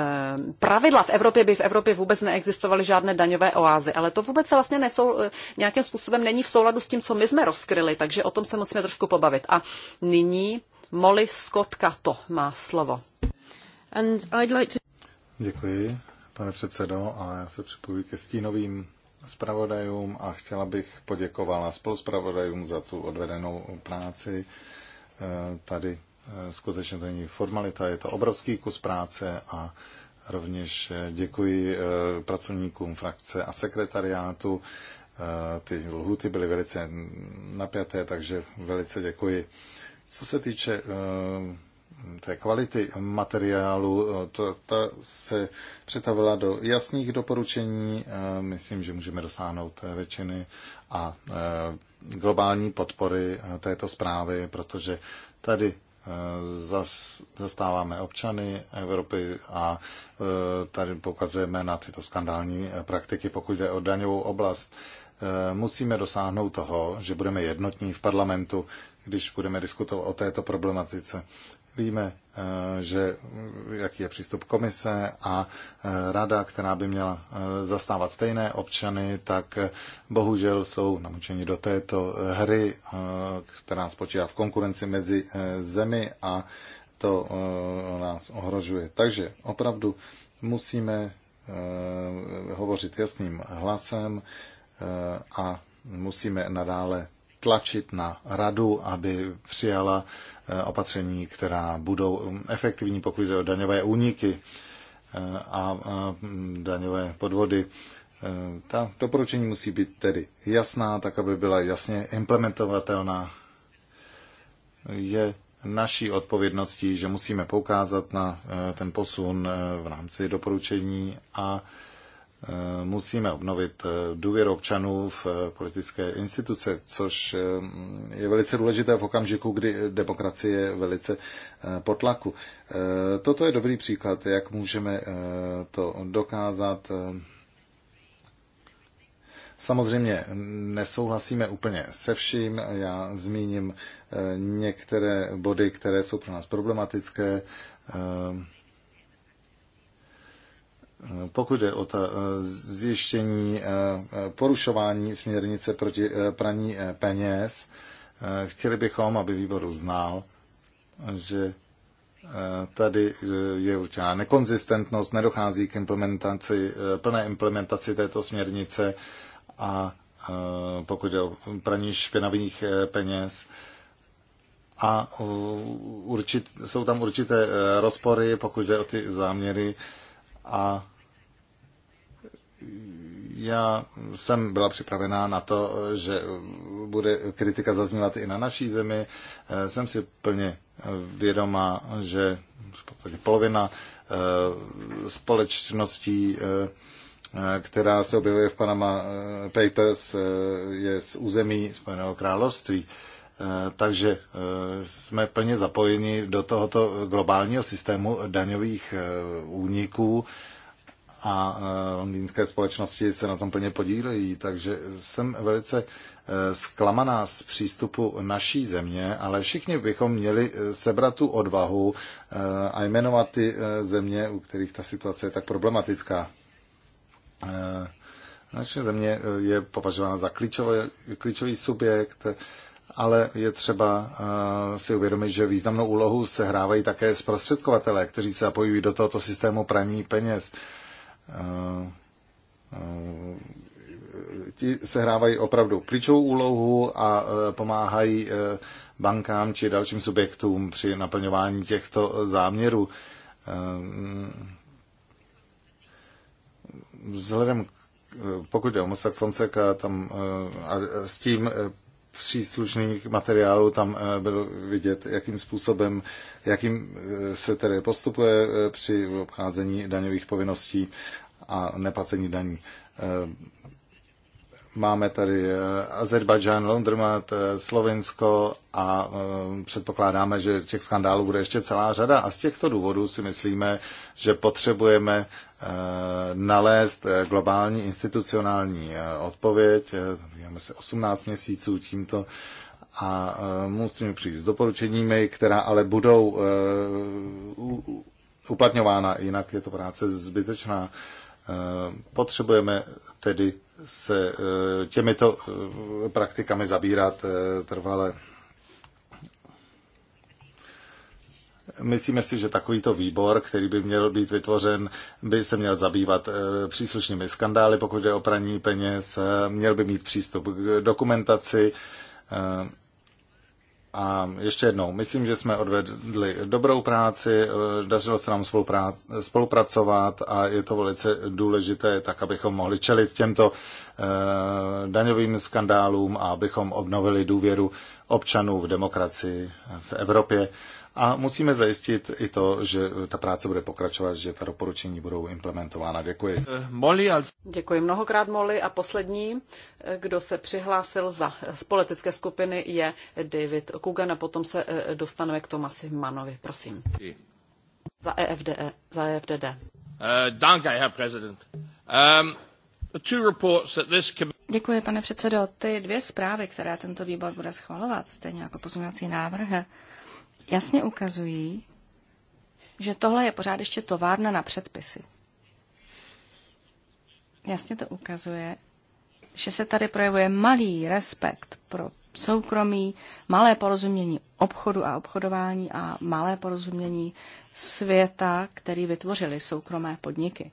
pravidla v Evropě, by v Evropě vůbec neexistovaly žádné daňové oázy. Ale to vůbec vlastně nesou, nějakým způsobem není v souladu s tím, co my jsme rozkryli, takže o tom se musíme trošku pobavit. A nyní Molly Scott Cato má slovo. Děkuji, pane předsedo, a já se připojuji ke stínovým zpravodajům a chtěla bych poděkovala spoluzpravodajům za tu odvedenou práci. E, tady e, skutečně to není formalita, je to obrovský kus práce a rovněž e, děkuji pracovníkům frakce a sekretariátu. Ty lhuty byly velice napjaté, takže velice děkuji. Co se týče té kvality materiálu, eh, to, ta se přetavila do jasných doporučení. Eh, myslím, že můžeme dosáhnout eh, většiny a globální podpory této zprávy, protože tady zastáváme občany Evropy a tady poukazujeme na tyto skandální praktiky, pokud jde o daňovou oblast. Musíme dosáhnout toho, že budeme jednotní v parlamentu, když budeme diskutovat o této problematice. Víme, eh, že jaký je přístup komise a eh, rada, která by měla eh, zastávat stejné občany, tak bohužel jsou namučeni do této hry, která spočívá v konkurenci mezi zemi a to nás ohrožuje. Takže opravdu musíme hovořit jasným hlasem a musíme nadále tlačit na radu, aby přijala eh, opatření, která budou mm, efektivní, pokud jde o daňové úniky eh, a mm, daňové podvody. Eh, ta doporučení musí být tedy jasná, tak aby byla jasně implementovatelná. Je naší odpovědností, že musíme poukázat na ten posun v rámci doporučení a Eh, musíme obnovit eh, důvěru občanů v eh, politické instituce, což je velice důležité v okamžiku, kdy demokracie je velice pod tlaku. Toto je dobrý příklad, jak můžeme to dokázat. Samozřejmě nesouhlasíme úplně se vším. Já zmíním některé body, které jsou pro nás problematické pokud jde o ta eh, zjištění eh, eh, porušování směrnice proti praní peněz, chtěli bychom, aby výbor uznal, že tady je určitá nekonzistentnost, nedochází k implementaci, plné implementaci této směrnice a pokud je o praní špinavých peněz, a určit, jsou tam určité rozpory, pokud jde o ty záměry a já jsem byla připravená na to, že bude kritika zaznívat i na naší zemi. Jsem si plně vědoma, že v podstatě polovina eh, společností, eh, která se objevuje v Panama Papers, eh, je z území Spojeného království. Takže jsme plně zapojeni do tohoto globálního systému daňových úniků a e, londýnské společnosti se na tom plně podílejí, takže jsem velice e, zklamaná z přístupu naší země, ale všichni bychom měli e, sebrat tu odvahu a jmenovat ty země, u kterých ta situace je tak problematická. Naše země je považována za klíčový, klíčový subjekt, ale je třeba si uvědomit, že významnou úlohu sehrávají také zprostředkovatelé, kteří se zapojují do tohoto systému praní peněz. Eh, eh, ti sehrávají opravdu klíčovou úlohu a eh, pomáhají bankám či dalším subjektům při naplňování těchto záměrů. Vzhledem, pokud je o Mossack Fonseca, tam a s tím příslušných materiálů tam bylo vidět, jakým způsobem, jakým se tedy postupuje při obcházení daňových povinností a neplacení daní. Eh, máme tady eh, Azerbajdžán, Londrmat, eh, Slovensko a předpokládáme, že těch skandálů bude ještě celá řada a z těchto důvodů si myslíme, že potřebujeme nalézt globální institucionální odpověď. Máme se 18 měsíců tímto a musíme přijít s doporučeními, která ale budou uplatňována, jinak je to práce zbytečná. Eh, potřebujeme tedy se eh, těmito eh, praktikami zabírat trvale. Myslíme si, že takovýto výbor, který by měl být vytvořen, by se měl zabývat příslušnými skandály, pokud je o praní peněz, měl by mít přístup k dokumentaci, a ještě jednou, myslím, že jsme odvedli dobrou práci, eh, dařilo se nám spolupracovat a je to velice důležité, tak abychom mohli čelit těmto eh, daňovým skandálům a abychom obnovili důvěru občanů v demokracii v Evropě. A musíme zajistit i to, že ta práce bude pokračovat, že ta doporučení budou implementována. Děkuji. Děkuji mnohokrát, Molly. A poslední, kdo se přihlásil za z politické skupiny, je David Kugan a potom se eh, dostaneme k Tomasi Manovi. Prosím. Za, EFDE, eh, za EFDD. Uh, eh, ähm, two reports that this committee... Děkuji, pane předsedo. Ty dvě zprávy, které tento výbor bude schvalovat, stejně jako pozměňovací návrhy, jasně ukazují, že tohle je pořád ještě továrna na předpisy. Jasně to ukazuje, že se tady projevuje malý respekt pro soukromí, malé porozumění obchodu a obchodování a malé porozumění světa, který vytvořili soukromé podniky.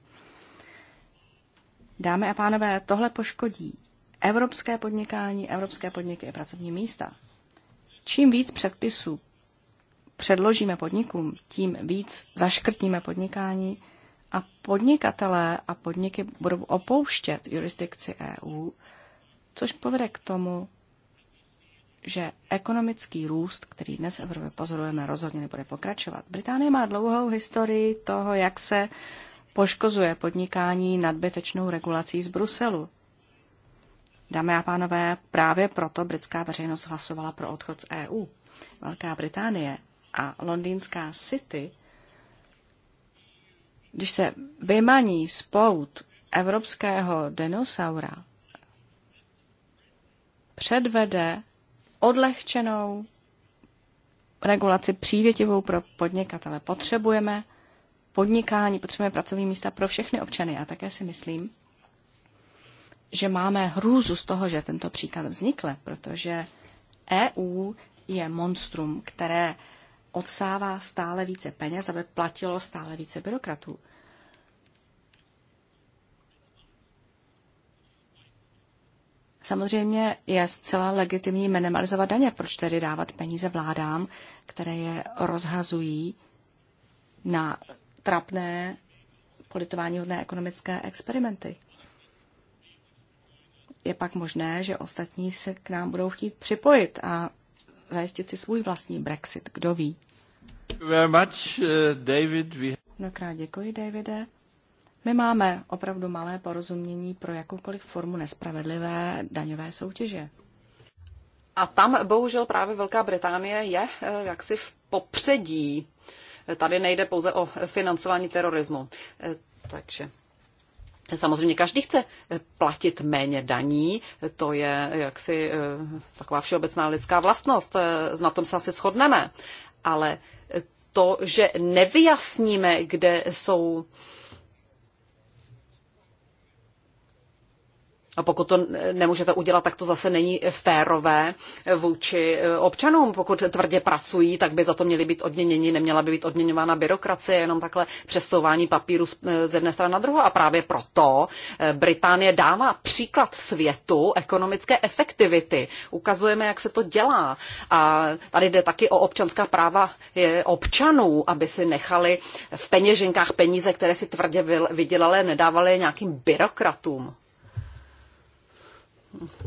Dámy a pánové, tohle poškodí evropské podnikání, evropské podniky i pracovní místa. Čím víc předpisů předložíme podnikům, tím víc zaškrtíme podnikání a podnikatelé a podniky budou opouštět jurisdikci EU, což povede k tomu, že ekonomický růst, který dnes v Evropě pozorujeme, rozhodně nebude pokračovat. Británie má dlouhou historii toho, jak se poškozuje podnikání nadbytečnou regulací z Bruselu. Dámy a pánové, právě proto britská veřejnost hlasovala pro odchod z EU. Velká Británie a londýnská City, když se vymaní spout evropského dinosaura, předvede odlehčenou regulaci přívětivou pro podnikatele. Potřebujeme podnikání, potřebujeme pracovní místa pro všechny občany. A také si myslím, že máme hrůzu z toho, že tento příklad vznikl, protože EU je monstrum, které odsává stále více peněz, aby platilo stále více byrokratů. Samozřejmě je zcela legitimní minimalizovat daně. Proč tedy dávat peníze vládám, které je rozhazují na trapné, hodné ekonomické experimenty? Je pak možné, že ostatní se k nám budou chtít připojit a zajistit si svůj vlastní Brexit. Kdo ví? Very much, uh, David. Mnohokrát děkuji, Davide. My máme opravdu malé porozumění pro jakoukoliv formu nespravedlivé daňové soutěže. A tam bohužel právě Velká Británie je eh, jaksi v popředí. Tady nejde pouze o financování terorismu. Eh, takže Samozřejmě každý chce platit méně daní, to je jaksi eh, taková všeobecná lidská vlastnost, eh, na tom se asi shodneme. Ale to, že nevyjasníme, kde jsou A pokud to nemůžete udělat, tak to zase není férové vůči eh, občanům. Pokud tvrdě pracují, tak by za to měli být odměněni, neměla by být odměňována byrokracie, jenom takhle přesouvání papíru z eh, jedné strany na druhou. A právě proto eh, Británie dává příklad světu ekonomické efektivity. Ukazujeme, jak se to dělá. A tady jde taky o občanská práva občanů, aby si nechali v peněženkách peníze, které si tvrdě vydělali, nedávali nějakým byrokratům.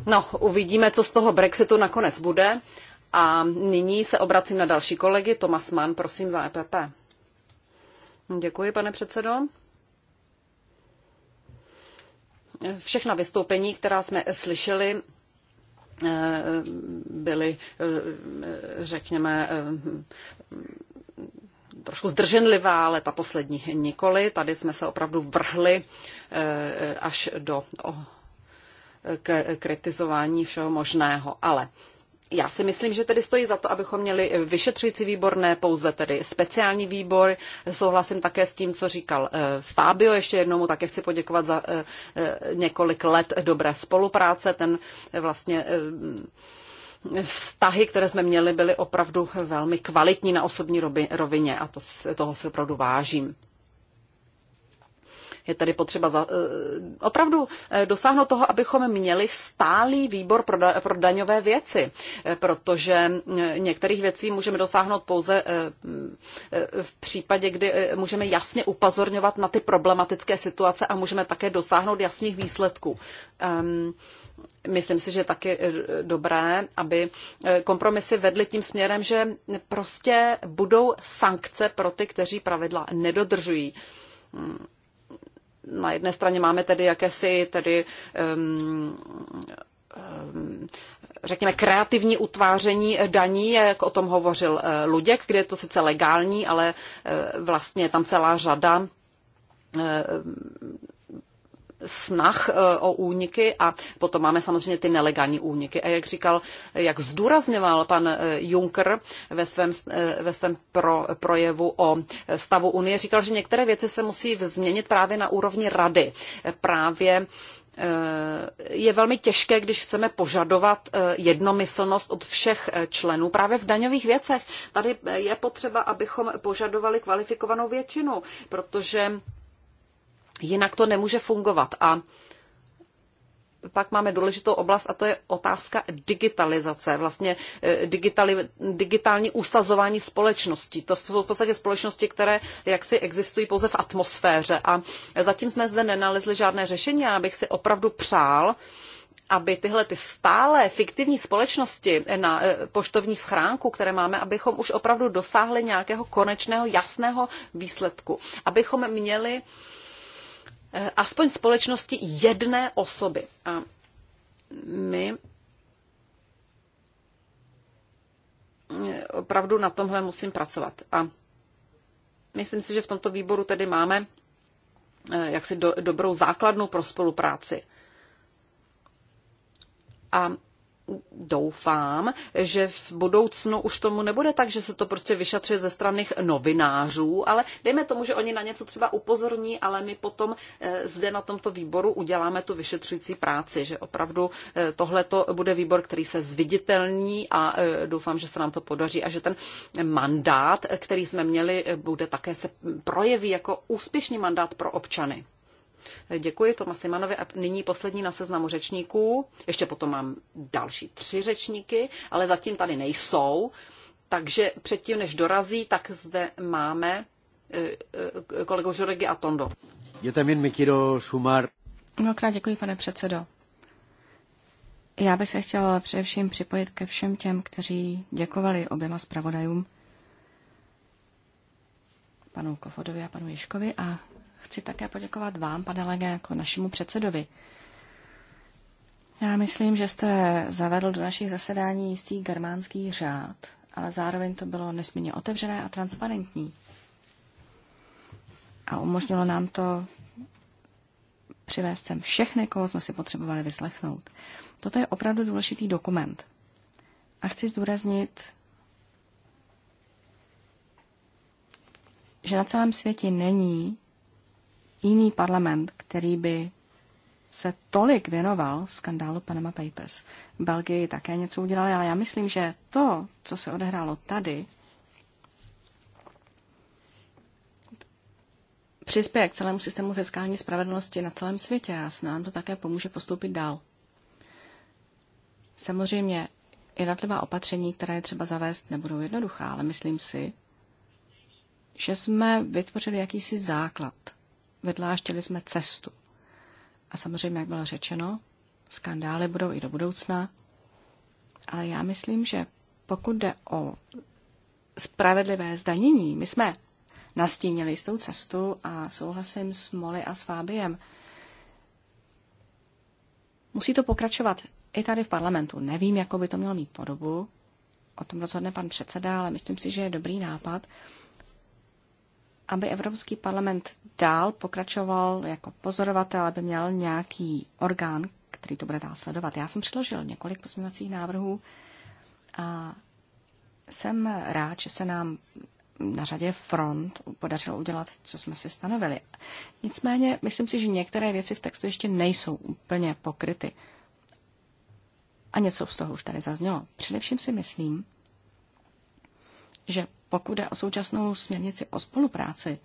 No, uvidíme, co z toho Brexitu nakonec bude. A nyní se obracím na další kolegy. Tomas Mann, prosím za EPP. Děkuji, pane předsedo. Všechna vystoupení, která jsme slyšeli, eh, byly, eh, řekněme, eh, trošku zdrženlivá, ale ta poslední nikoli. Tady jsme se opravdu vrhli až do k kritizování všeho možného. Ale já si myslím, že tedy stojí za to, abychom měli vyšetřující výbor, ne pouze tedy speciální výbor. Souhlasím také s tím, co říkal eh, Fabio. Ještě jednou mu také chci poděkovat za eh, eh, několik let dobré spolupráce. Ten vlastně vztahy, které jsme měli, byly opravdu velmi kvalitní na osobní rovině a to, toho si opravdu vážím. Je tedy potřeba za, eh, opravdu eh, dosáhnout toho, abychom měli stálý výbor pro, da, pro daňové věci, eh, protože některých věcí můžeme dosáhnout pouze v případě, kdy můžeme jasně upozorňovat na ty problematické situace a můžeme také dosáhnout jasných výsledků. Ehm, myslím si, že je taky dobré, aby kompromisy vedly tím směrem, že prostě budou sankce pro ty, kteří pravidla nedodržují. Hmm na jedné straně máme tedy jakési tedy um, řekněme, kreativní utváření daní, jak o tom hovořil eh, Luděk, kde je to sice legální, ale eh, vlastně je tam celá řada eh, snah e, o úniky a potom máme samozřejmě ty nelegální úniky. A jak říkal, jak zdůrazňoval pan e, Juncker ve svém, e, ve svém pro, projevu o stavu Unie, říkal, že některé věci se musí změnit právě na úrovni rady. Právě je velmi těžké, když chceme požadovat jednomyslnost od všech členů právě v daňových věcech. Tady je potřeba, abychom požadovali kvalifikovanou většinu, protože Jinak to nemůže fungovat. A pak máme důležitou oblast a to je otázka digitalizace, vlastně eh, digitali, digitální usazování společností. To jsou v podstatě společnosti, které jaksi existují pouze v atmosféře a zatím jsme zde nenalezli žádné řešení a bych si opravdu přál, aby tyhle ty stále fiktivní společnosti na eh, poštovní schránku, které máme, abychom už opravdu dosáhli nějakého konečného jasného výsledku. Abychom měli Eh, aspoň společnosti jedné osoby. A my eh, opravdu na tomhle musím pracovat. A myslím si, že v tomto výboru tedy máme eh, jaksi do, dobrou základnu pro spolupráci. A doufám, že v budoucnu už tomu nebude tak, že se to prostě vyšetřuje ze strany novinářů, ale dejme tomu, že oni na něco třeba upozorní, ale my potom eh, zde na tomto výboru uděláme tu vyšetřující práci, že opravdu eh, tohle to bude výbor, který se zviditelní a eh, doufám, že se nám to podaří a že ten mandát, který jsme měli, bude také se projeví jako úspěšný mandát pro občany. Děkuji Tomasi Manovi a nyní poslední na seznamu řečníků. Ještě potom mám další tři řečníky, ale zatím tady nejsou. Takže předtím, než dorazí, tak zde máme e, e, kolegu Žuregy a Tondo. Je tam jen mi quiero Mnohokrát děkuji, pane předsedo. Já bych se chtěl především připojit ke všem těm, kteří děkovali oběma zpravodajům, panu Kofodovi a panu Ješkovi a Chci také poděkovat vám, pane Lege, jako našemu předsedovi. Já myslím, že jste zavedl do našich zasedání jistý germánský řád, ale zároveň to bylo nesmírně otevřené a transparentní. A umožnilo nám to přivést sem všechny, koho jsme si potřebovali vyslechnout. Toto je opravdu důležitý dokument. A chci zdůraznit, že na celém světě není jiný parlament, který by se tolik věnoval skandálu Panama Papers. V Belgii také něco udělali, ale já myslím, že to, co se odehrálo tady, přispěje k celému systému fiskální spravedlnosti na celém světě a snad nám to také pomůže postoupit dál. Samozřejmě jednotlivá opatření, které je třeba zavést, nebudou jednoduchá, ale myslím si, že jsme vytvořili jakýsi základ vydláštili jsme cestu. A samozřejmě, jak bylo řečeno, skandály budou i do budoucna, ale já myslím, že pokud jde o spravedlivé zdanění, my jsme nastínili jistou cestu a souhlasím s Moli a s Fábiem. Musí to pokračovat i tady v parlamentu. Nevím, jakou by to mělo mít podobu. O tom rozhodne pan předseda, ale myslím si, že je dobrý nápad, aby Evropský parlament dál pokračoval jako pozorovatel, aby měl nějaký orgán, který to bude dál sledovat. Já jsem přiložil několik pozměňovacích návrhů a jsem rád, že se nám na řadě front podařilo udělat, co jsme si stanovili. Nicméně, myslím si, že některé věci v textu ještě nejsou úplně pokryty. A něco z toho už tady zaznělo. Především si myslím, že pokud jde o současnou směrnici o spolupráci,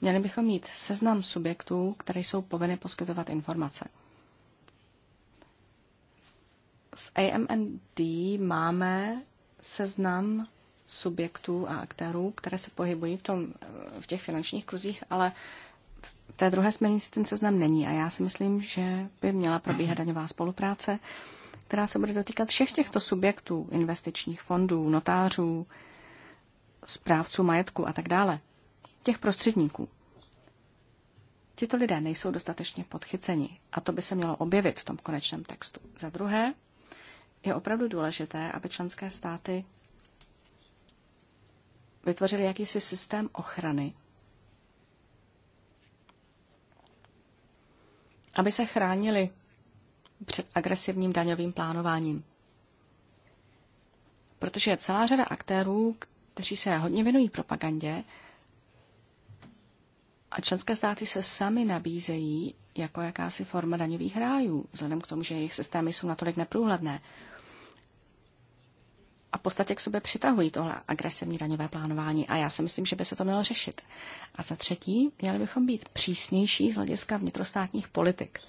měli bychom mít seznam subjektů, které jsou povinny poskytovat informace. V AMND máme seznam subjektů a aktérů, které se pohybují v, tom, v těch finančních kruzích, ale v té druhé směrnici ten seznam není a já si myslím, že by měla probíhat daňová spolupráce, která se bude dotýkat všech těchto subjektů, investičních fondů, notářů, správců majetku a tak dále, těch prostředníků. Tito lidé nejsou dostatečně podchyceni a to by se mělo objevit v tom konečném textu. Za druhé, je opravdu důležité, aby členské státy vytvořili jakýsi systém ochrany, aby se chránili před agresivním daňovým plánováním. Protože je celá řada aktérů, kteří se hodně věnují propagandě a členské státy se sami nabízejí jako jakási forma daňových rájů, vzhledem k tomu, že jejich systémy jsou natolik neprůhledné. A v podstatě k sobě přitahují tohle agresivní daňové plánování a já si myslím, že by se to mělo řešit. A za třetí, měli bychom být přísnější z hlediska vnitrostátních politik.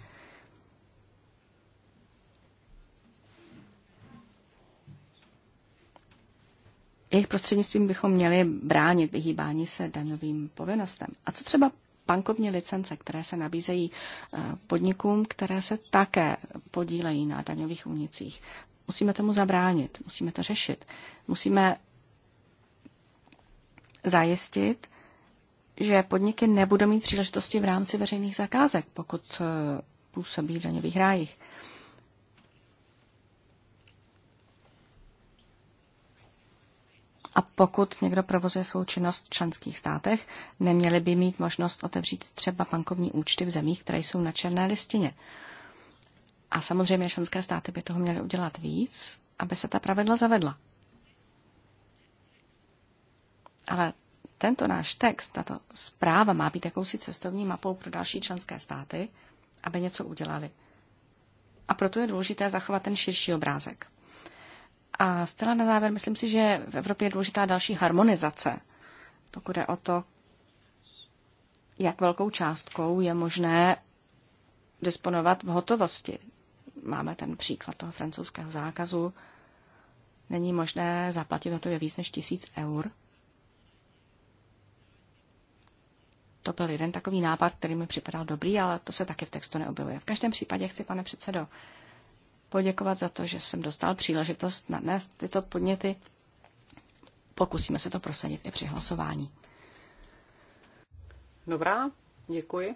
jejich prostřednictvím bychom měli bránit vyhýbání se daňovým povinnostem. A co třeba bankovní licence, které se nabízejí eh, podnikům, které se také podílejí na daňových únicích. Musíme tomu zabránit, musíme to řešit. Musíme zajistit, že podniky nebudou mít příležitosti v rámci veřejných zakázek, pokud eh, působí v daňových rájích. A pokud někdo provozuje svou činnost v členských státech, neměli by mít možnost otevřít třeba bankovní účty v zemích, které jsou na černé listině. A samozřejmě členské státy by toho měly udělat víc, aby se ta pravidla zavedla. Ale tento náš text, tato zpráva má být jakousi cestovní mapou pro další členské státy, aby něco udělali. A proto je důležité zachovat ten širší obrázek. A zcela na závěr, myslím si, že v Evropě je důležitá další harmonizace, pokud je o to, jak velkou částkou je možné disponovat v hotovosti. Máme ten příklad toho francouzského zákazu. Není možné zaplatit na to víc než tisíc eur. To byl jeden takový nápad, který mi připadal dobrý, ale to se taky v textu neobjevuje. V každém případě chci, pane předsedo, poděkovat za to, že jsem dostal příležitost nadnést tyto podněty. Pokusíme se to prosadit i při hlasování. Dobrá, děkuji.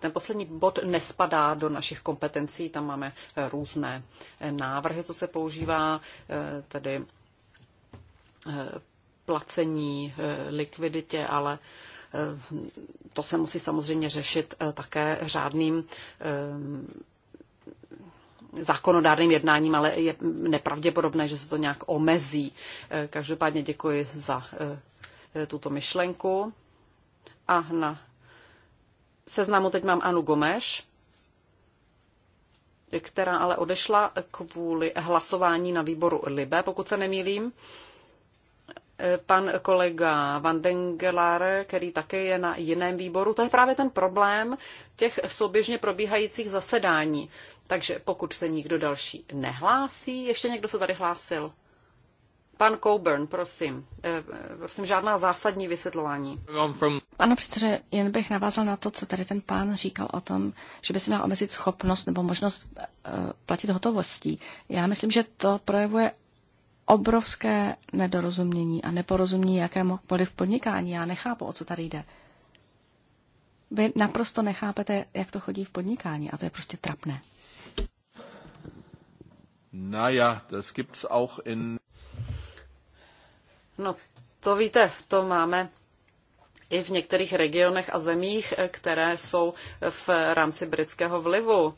Ten poslední bod nespadá do našich kompetencí, tam máme eh, různé eh, návrhy, co se používá, eh, tedy placení likviditě, ale to se musí samozřejmě řešit také řádným zákonodárným jednáním, ale je nepravděpodobné, že se to nějak omezí. Eh, každopádně děkuji za eh, tuto myšlenku. A na seznamu teď mám Anu Gomeš, která ale odešla kvůli hlasování na výboru Libe, pokud se nemýlím pan kolega Van Dengelar, který také je na jiném výboru. To je právě ten problém těch souběžně probíhajících zasedání. Takže pokud se nikdo další nehlásí, ještě někdo se tady hlásil? Pan Coburn, prosím. Eh, prosím, žádná zásadní vysvětlování. Ano, předsedo, jen bych navázal na to, co tady ten pán říkal o tom, že by se měla omezit schopnost nebo možnost eh, platit hotovostí. Já myslím, že to projevuje obrovské nedorozumění a neporozumění jakémukoliv podnikání. Já nechápu, o co tady jde. Vy naprosto nechápete, jak to chodí v podnikání a to je prostě trapné. Naja, das gibt's auch in... No, to víte, to máme i v některých regionech a zemích, které jsou v rámci britského vlivu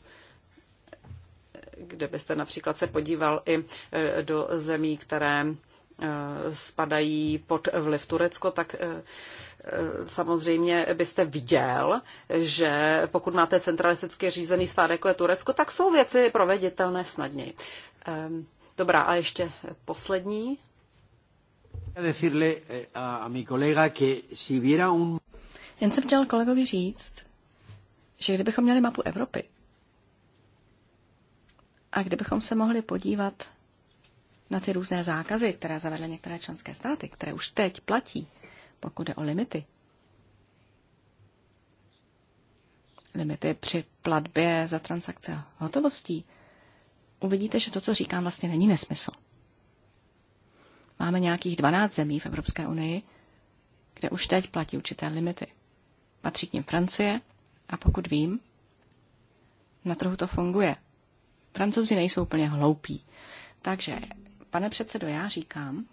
kde byste například se podíval i e, do zemí, které e, spadají pod vliv Turecko, tak e, samozřejmě byste viděl, že pokud máte centralisticky řízený stát, jako je Turecko, tak jsou věci proveditelné snadněji. Ehm, dobrá, a ještě poslední. Eh, Jen jsem chtěl kolegovi říct, že kdybychom měli mapu Evropy, a kdybychom se mohli podívat na ty různé zákazy, které zavedly některé členské státy, které už teď platí, pokud jde o limity. Limity při platbě za transakce hotovostí. Uvidíte, že to, co říkám, vlastně není nesmysl. Máme nějakých 12 zemí v Evropské unii, kde už teď platí určité limity. Patří k nim Francie a pokud vím, na trhu to funguje. Francouzi nejsou úplně hloupí. Takže, pane předsedo, já říkám,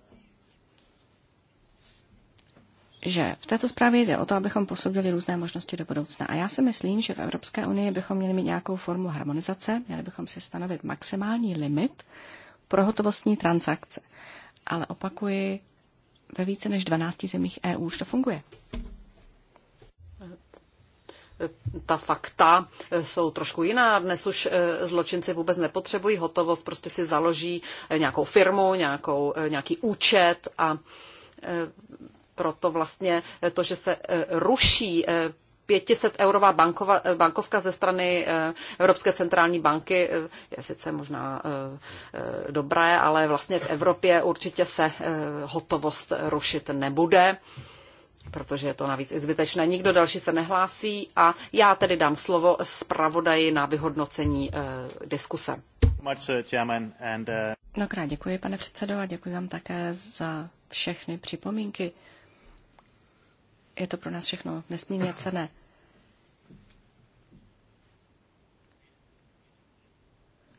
že v této zprávě jde o to, abychom posoudili různé možnosti do budoucna. A já si myslím, že v Evropské unii bychom měli mít nějakou formu harmonizace, měli bychom si stanovit maximální limit pro hotovostní transakce. Ale opakuji, ve více než 12 zemích EU už to funguje ta fakta jsou trošku jiná. Dnes už eh, zločinci vůbec nepotřebují hotovost, prostě si založí eh, nějakou firmu, nějakou, eh, nějaký účet a proto vlastně to, že se ruší 500 eurová bankova, bankovka ze strany Evropské centrální banky je sice možná dobré, ale vlastně v Evropě určitě se hotovost rušit nebude protože je to navíc i zbytečné. Nikdo další se nehlásí a já tedy dám slovo zpravodaji na vyhodnocení eh, diskuse. Uh, uh, krát. děkuji, pane předsedo, a děkuji vám také za všechny připomínky. Je to pro nás všechno nesmírně cené.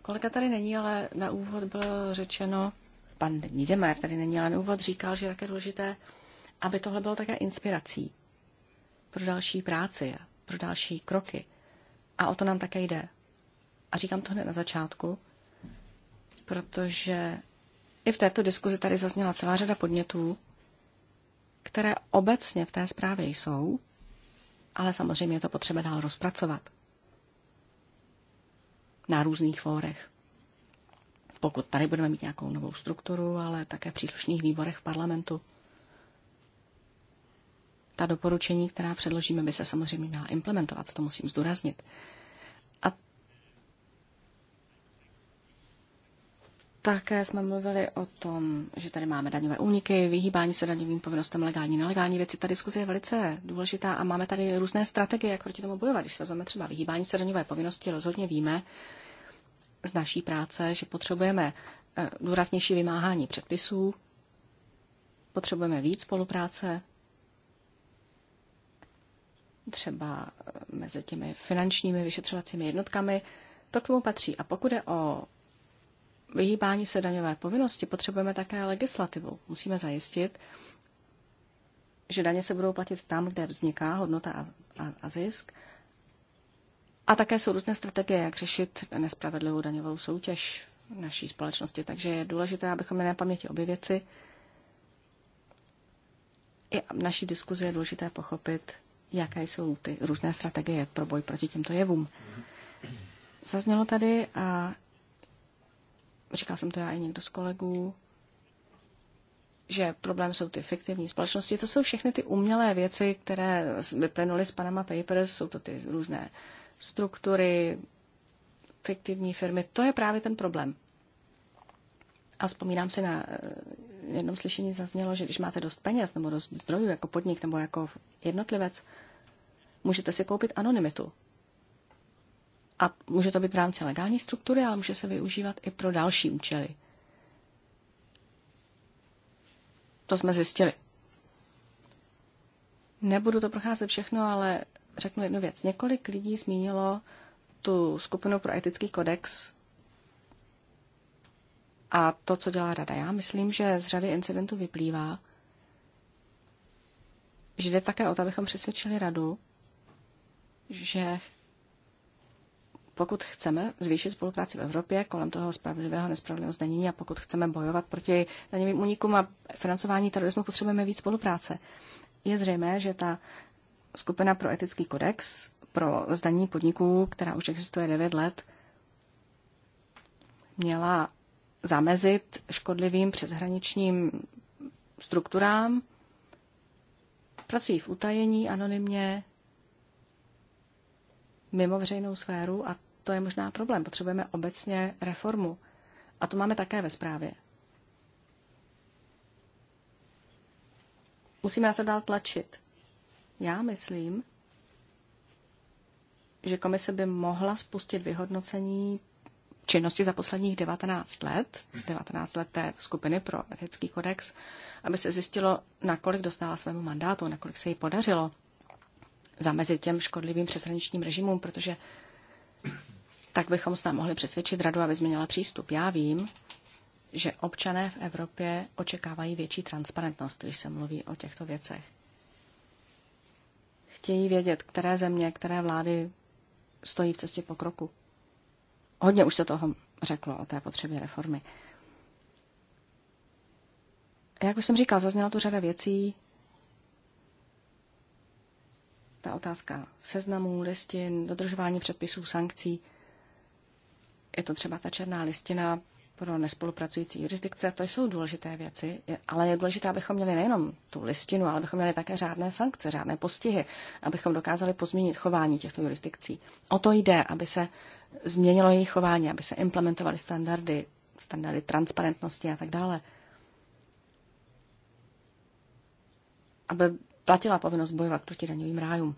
Kolega tady není, ale na úvod bylo řečeno, pan Nidemer tady není, ale na úvod říkal, že jak je důležité aby tohle bylo také inspirací pro další práci, pro další kroky. A o to nám také jde. A říkám to hned na začátku, protože i v této diskuzi tady zazněla celá řada podnětů, které obecně v té zprávě jsou, ale samozřejmě je to potřeba dál rozpracovat. Na různých fórech. Pokud tady budeme mít nějakou novou strukturu, ale také v příslušných výborech v parlamentu. Ta doporučení, která předložíme, by se samozřejmě měla implementovat, to musím zdůraznit. A také jsme mluvili o tom, že tady máme daňové úniky, vyhýbání se daňovým povinnostem, legální, nelegální věci. Ta diskuze je velice důležitá a máme tady různé strategie, jak proti tomu bojovat. Když se vezmeme třeba vyhýbání se daňové povinnosti, rozhodně víme z naší práce, že potřebujeme eh, důraznější vymáhání předpisů, potřebujeme víc spolupráce třeba eh, mezi těmi finančními vyšetřovacími jednotkami, to k tomu patří. A pokud je o vyhýbání se daňové povinnosti, potřebujeme také legislativu. Musíme zajistit, že daně se budou platit tam, kde vzniká hodnota a, a, a zisk. A také jsou různé strategie, jak řešit nespravedlivou daňovou soutěž naší společnosti. Takže je důležité, abychom měli na paměti obě věci. I v naší diskuzi je důležité pochopit, jaké jsou ty různé strategie pro boj proti těmto jevům. Zaznělo tady a říkal jsem to já i někdo z kolegů, že problém jsou ty fiktivní společnosti. To jsou všechny ty umělé věci, které vyplynuly z Panama Papers, jsou to ty různé struktury, fiktivní firmy. To je právě ten problém. A vzpomínám si na eh, jednom slyšení zaznělo, že když máte dost peněz nebo dost zdrojů jako podnik nebo jako jednotlivec, můžete si koupit anonymitu. A může to být v rámci legální struktury, ale může se využívat i pro další účely. To jsme zjistili. Nebudu to procházet všechno, ale řeknu jednu věc. Několik lidí zmínilo tu skupinu pro etický kodex a to, co dělá rada. Já myslím, že z řady incidentů vyplývá, že jde také o to, abychom přesvědčili radu, že pokud chceme zvýšit spolupráci v Evropě kolem toho spravedlivého a nespravedlivého zdanění a pokud chceme bojovat proti daněvým únikům a financování terorismu, potřebujeme víc spolupráce. Je zřejmé, že ta skupina pro etický kodex pro zdanění podniků, která už existuje 9 let, měla zamezit škodlivým přeshraničním strukturám. Pracují v utajení, anonymně, mimo veřejnou sféru a to je možná problém. Potřebujeme obecně reformu. A to máme také ve zprávě. Musíme na to dál tlačit. Já myslím, že komise by mohla spustit vyhodnocení činnosti za posledních 19 let, 19 let té skupiny pro etický kodex, aby se zjistilo, nakolik dostala svému mandátu, nakolik se jí podařilo zamezit těm škodlivým přeshraničním režimům, protože tak bychom se tam mohli přesvědčit radu, aby změnila přístup. Já vím, že občané v Evropě očekávají větší transparentnost, když se mluví o těchto věcech. Chtějí vědět, které země, které vlády stojí v cestě pokroku. Hodně už se toho řeklo o té potřebě reformy. Jak už jsem říkal, zazněla tu řada věcí. Ta otázka seznamů, listin, dodržování předpisů, sankcí. Je to třeba ta černá listina pro nespolupracující jurisdikce. To jsou důležité věci, ale je důležité, abychom měli nejenom tu listinu, ale abychom měli také řádné sankce, řádné postihy, abychom dokázali pozměnit chování těchto jurisdikcí. O to jde, aby se změnilo jejich chování, aby se implementovaly standardy, standardy transparentnosti a tak dále. Aby platila povinnost bojovat proti daňovým rájům.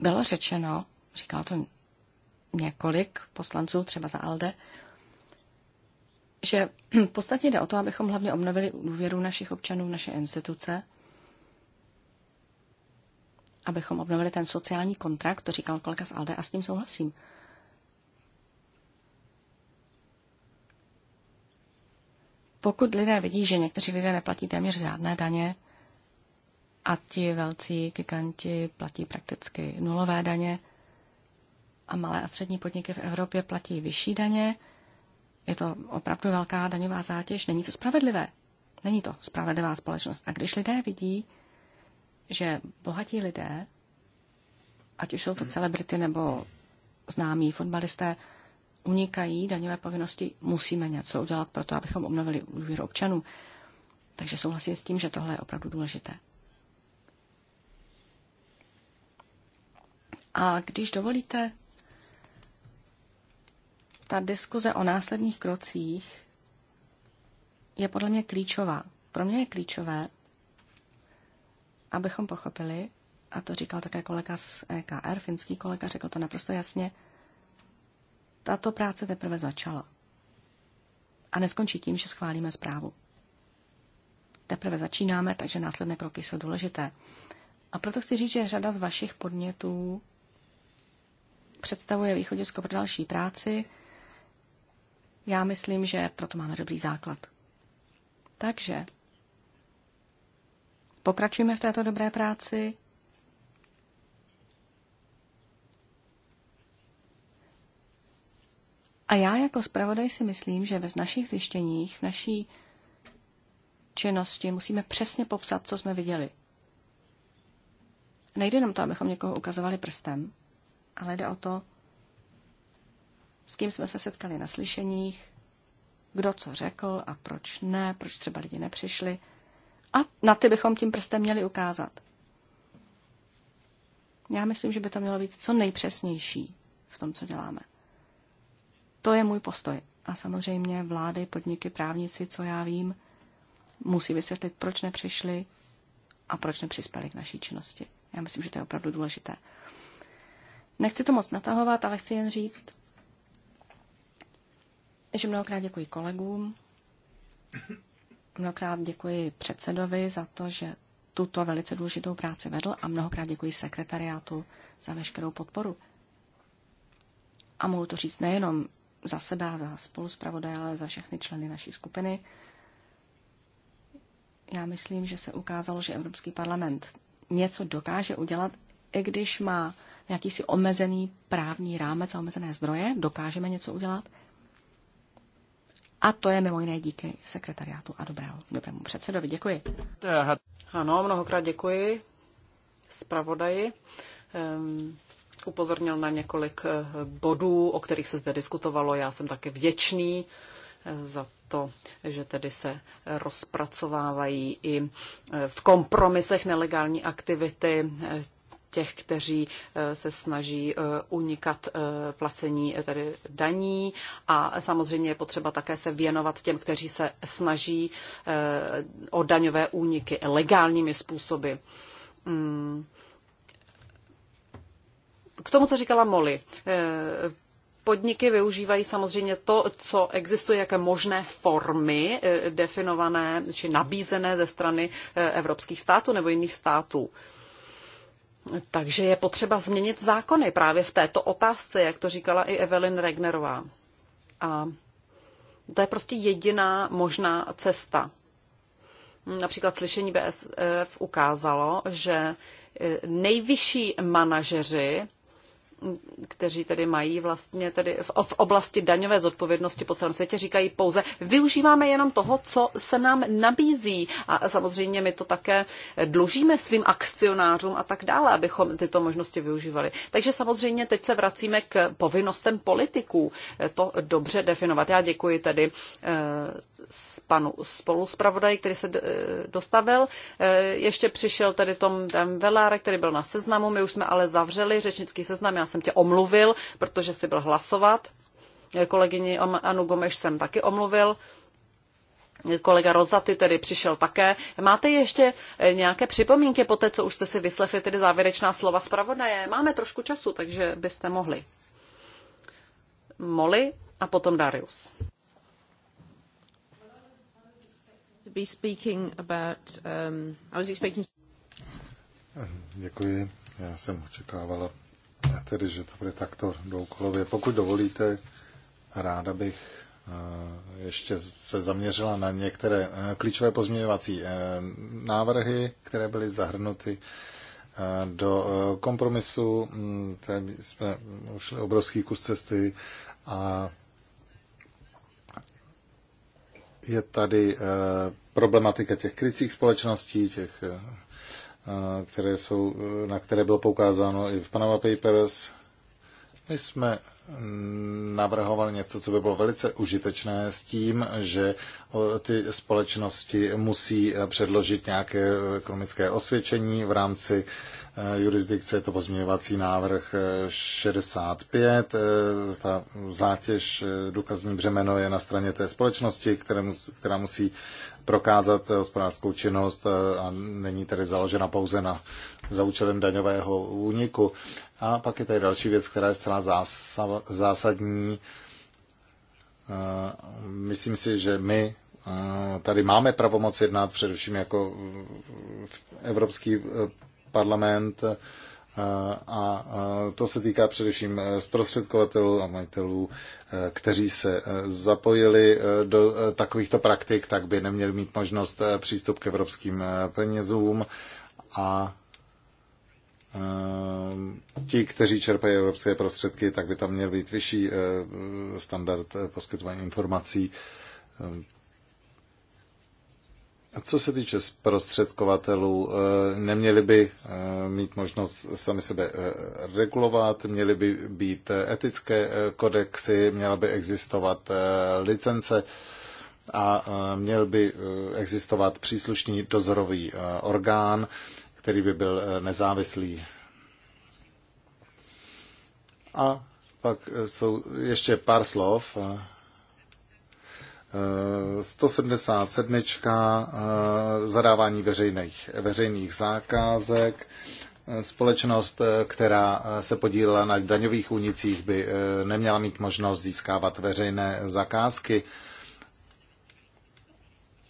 Bylo řečeno, říkal to několik poslanců, třeba za ALDE, že v podstatě jde o to, abychom hlavně obnovili důvěru našich občanů naše instituce – abychom obnovili ten sociální kontrakt, to říkal kolega z Alde a s tím souhlasím. Pokud lidé vidí, že někteří lidé neplatí téměř žádné daně a ti velcí giganti platí prakticky nulové daně a malé a střední podniky v Evropě platí vyšší daně, je to opravdu velká daňová zátěž, není to spravedlivé. Není to spravedlivá společnost. A když lidé vidí, že bohatí lidé, ať už jsou to celebrity nebo známí fotbalisté, unikají daňové povinnosti, musíme něco udělat pro to, abychom obnovili důvěru občanů. Takže souhlasím s tím, že tohle je opravdu důležité. A když dovolíte, ta diskuze o následných krocích je podle mě klíčová. Pro mě je klíčové, Abychom pochopili, a to říkal také kolega z EKR, finský kolega, řekl to naprosto jasně, tato práce teprve začala. A neskončí tím, že schválíme zprávu. Teprve začínáme, takže následné kroky jsou důležité. A proto chci říct, že řada z vašich podnětů představuje východisko pro další práci. Já myslím, že proto máme dobrý základ. Takže Pokračujeme v této dobré práci. A já jako zpravodaj si myslím, že ve našich zjištěních, v naší činnosti musíme přesně popsat, co jsme viděli. Nejde jenom to, abychom někoho ukazovali prstem, ale jde o to, s kým jsme se setkali na slyšeních, kdo co řekl a proč ne, proč třeba lidi nepřišli – a na ty bychom tím prstem měli ukázat. Já myslím, že by to mělo být co nejpřesnější v tom, co děláme. To je můj postoj. A samozřejmě vlády, podniky, právníci, co já vím, musí vysvětlit, proč nepřišli a proč nepřispěli k naší činnosti. Já myslím, že to je opravdu důležité. Nechci to moc natahovat, ale chci jen říct, že mnohokrát děkuji kolegům, Mnohokrát děkuji předsedovi za to, že tuto velice důležitou práci vedl a mnohokrát děkuji sekretariátu za veškerou podporu. A mohu to říct nejenom za sebe a za spoluspravodaje, ale za všechny členy naší skupiny. Já myslím, že se ukázalo, že Evropský parlament něco dokáže udělat, i když má nějaký si omezený právní rámec a omezené zdroje, dokážeme něco udělat – a to je mimo jiné díky sekretariátu a dobrého, dobrému předsedovi. Děkuji. Ano, mnohokrát děkuji zpravodaji. Um, upozornil na několik eh, bodů, o kterých se zde diskutovalo. Já jsem také vděčný eh, za to, že tedy se rozpracovávají i eh, v kompromisech nelegální aktivity těch, kteří eh, se snaží eh, unikat eh, placení tedy daní a samozřejmě je potřeba také se věnovat těm, kteří se snaží o daňové úniky legálními způsoby. Mm. K tomu, co říkala Molly, Podniky využívají samozřejmě to, co existuje jaké možné formy definované či nabízené ze strany evropských států nebo jiných států. Takže je potřeba změnit zákony právě v této otázce, jak to říkala i Evelyn Regnerová. A to je prostě jediná možná cesta. Například slyšení BSF ukázalo, že eh, nejvyšší manažeři kteří tedy mají vlastně tedy v, v oblasti daňové zodpovědnosti po celém světě, říkají pouze, využíváme jenom toho, co se nám nabízí. A samozřejmě my to také dlužíme svým akcionářům a tak dále, abychom tyto možnosti využívali. Takže samozřejmě teď se vracíme k povinnostem politiků to dobře definovat. Já děkuji tedy eh, s panu spoluspravodaji, který se eh, dostavil. Eh, ještě přišel tedy Tom Velár, který byl na seznamu. My už jsme ale zavřeli řečnický seznam. Já jsem tě omluvil, protože jsi byl hlasovat. Kolegyni Anu Gomeš jsem taky omluvil. Kolega Rozaty tedy přišel také. Máte ještě eh, nějaké připomínky po té, co už jste si vyslechli tedy závěrečná slova zpravodaje? Máme trošku času, takže byste mohli. Moli a potom Darius. Um, Děkuji. Já jsem očekávala tedy, že to bude takto dvoukolově. Pokud dovolíte, ráda bych eh, ještě se zaměřila na některé eh, klíčové pozměňovací eh, návrhy, které byly zahrnuty do kompromisu. Mm, tady jsme ušli obrovský kus cesty a je tady problematika těch krycích společností, těch které jsou, na které bylo poukázáno i v Panama Papers. My jsme navrhovali něco, co by bylo velice užitečné s tím, že ty společnosti musí předložit nějaké ekonomické osvědčení v rámci eh, jurisdikce, je to pozměňovací návrh 65, eh, eh, ta zátěž, důkazní břemeno je na straně té společnosti, které, která musí prokázat eh, hospodářskou činnost eh, a není tedy založena pouze na za účelem daňového úniku. A pak je tady další věc, která je zcela zásadní. Eh, myslím si, že my tady máme pravomoc jednat, především jako Evropský parlament, a to se týká především eh, zprostředkovatelů a majitelů, eh, kteří se eh, zapojili do takovýchto praktik, tak by neměli mít možnost přístup k evropským penězům a ti, kteří čerpají evropské prostředky, tak by tam měl být vyšší standard poskytování informací co se týče zprostředkovatelů, eh, neměli by eh, mít možnost sami sebe eh, regulovat, měly by být etické kodexy, měla by existovat licence a měl by existovat příslušný dozorový orgán, který by byl nezávislý. A pak jsou ještě pár slov 177. Eh, zadávání veřejných, veřejných zákázek. Eh, společnost, eh, která se podílela na daňových únicích, by neměla mít možnost získávat veřejné zakázky.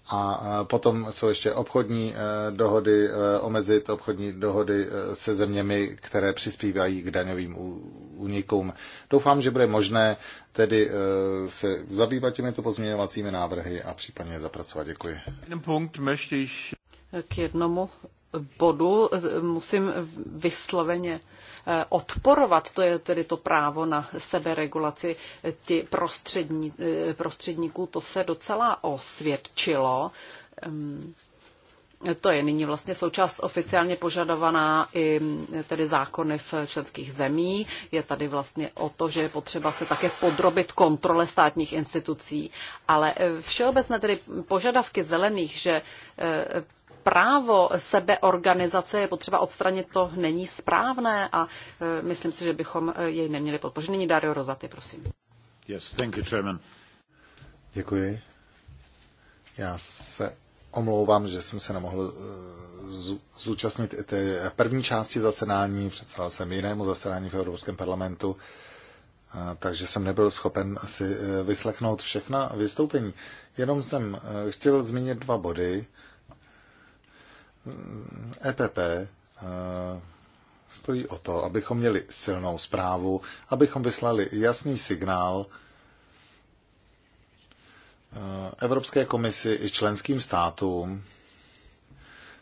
A potom jsou ještě obchodní e, dohody, e, omezit obchodní dohody e, se zeměmi, které přispívají k daňovým únikům. Doufám, že bude možné tedy se zabývat těmito pozměňovacími návrhy a případně zapracovat. Děkuji. K jednomu bodu musím vysloveně Eh, odporovat. To je tedy to právo na seberegulaci ti prostřední, eh, prostředníků. To se docela osvědčilo. Ehm, to je nyní vlastně součást oficiálně požadovaná i eh, tedy zákony v členských zemí. Je tady vlastně o to, že je potřeba se také podrobit kontrole státních institucí. Ale všeobecné tedy požadavky zelených, že právo sebeorganizace je potřeba odstranit, to není správné a e, myslím si, že bychom e, jej neměli podpořit. Nyní Dario Rozaty, prosím. Yes, thank you, chairman. Děkuji. Já se omlouvám, že jsem se nemohl e, zúčastnit té první části zasedání, Představil jsem jinému zasedání v Evropském parlamentu, takže jsem nebyl schopen si vyslechnout všechna vystoupení. Jenom jsem chtěl zmínit dva body. EPP eh, stojí o to, abychom měli silnou zprávu, abychom vyslali jasný signál eh, Evropské komisi i členským státům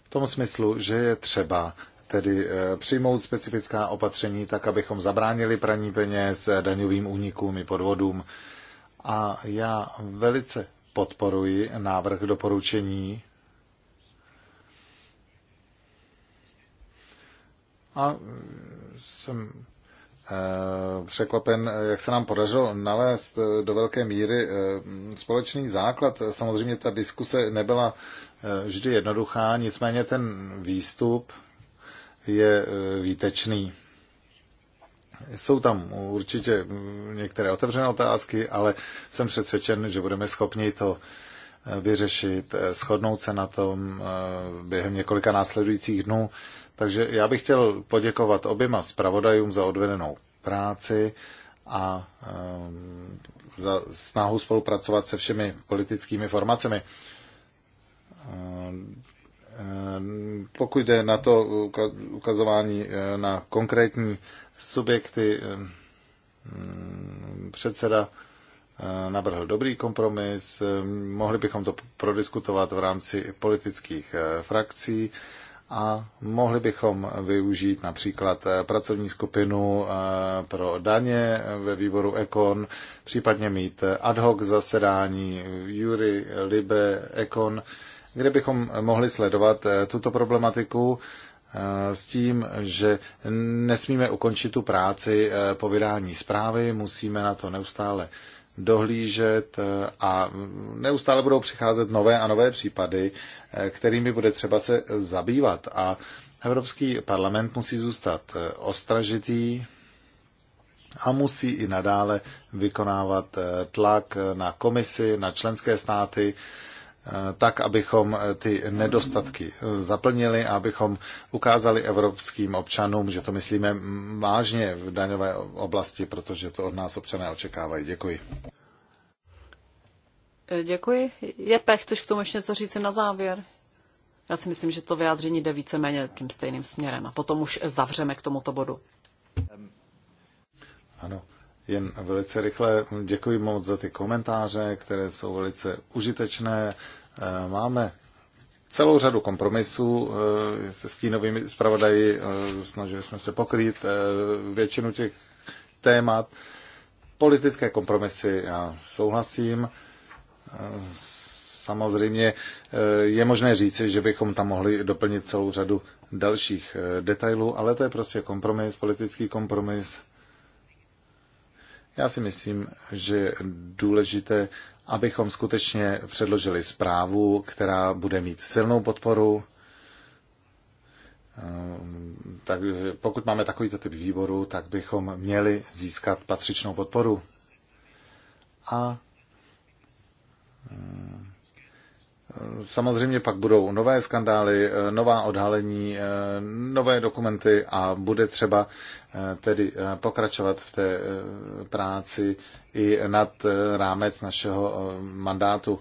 v tom smyslu, že je třeba tedy eh, přijmout specifická opatření tak, abychom zabránili praní peněz, daňovým únikům i podvodům. A já velice podporuji návrh doporučení A e, jsem e, překvapen, jak se nám podařilo nalézt e, do velké míry společný základ. Samozřejmě ta diskuse nebyla vždy jednoduchá, nicméně ten výstup je výtečný. Jsou tam určitě některé otevřené otázky, ale jsem přesvědčen, že budeme schopni to vyřešit, shodnout se na tom během několika následujících dnů. Takže já bych chtěl poděkovat oběma zpravodajům za odvedenou práci a ehm, za snahu spolupracovat se všemi politickými formacemi. Ehm, ehm, pokud jde na to ukazování e, na konkrétní subjekty, předseda e, navrhl dobrý kompromis, e, mohli bychom to prodiskutovat v rámci politických frakcí a mohli bychom využít například eh, pracovní skupinu eh, pro daně eh, ve výboru Ekon, případně mít ad hoc zasedání Jury, Libe, Ekon, kde bychom mohli sledovat tuto problematiku s tím, že nesmíme ukončit tu práci po vydání zprávy, musíme na to neustále dohlížet eh, a neustále budou přicházet nové a nové případy, eh, kterými bude třeba se zabývat. A Evropský parlament musí zůstat eh, ostražitý a musí i nadále vykonávat tlak na komisi, na členské státy, tak, abychom eh, ty nedostatky eh, zaplnili a abychom ukázali evropským občanům, že to myslíme vážně v daňové oblasti, protože to od nás občané očekávají. Děkuji. Eh, děkuji. Jepe, chceš k tomu ještě něco říct na závěr? Já si myslím, že to vyjádření jde víceméně tím stejným směrem a potom už zavřeme k tomuto bodu. Ano, jen velice rychle děkuji moc za ty komentáře, které jsou velice užitečné. Eh, máme celou řadu kompromisů eh, se stínovými zpravodaji. Eh, snažili jsme se pokrýt většinu těch témat. Politické kompromisy, já souhlasím. Samozřejmě je možné říci, že bychom tam mohli doplnit celou řadu dalších detailů, ale to je prostě kompromis, politický kompromis. Já si myslím, že je důležité, abychom skutečně předložili zprávu, která bude mít silnou podporu. Ehm, tak pokud máme takovýto typ výboru, tak bychom měli získat patřičnou podporu. A ehm, Samozřejmě pak budou nové skandály, nová odhalení, ehm, nové dokumenty a bude třeba tedy eh, pokračovat v té eh, práci i nad eh, rámec našeho mandátu.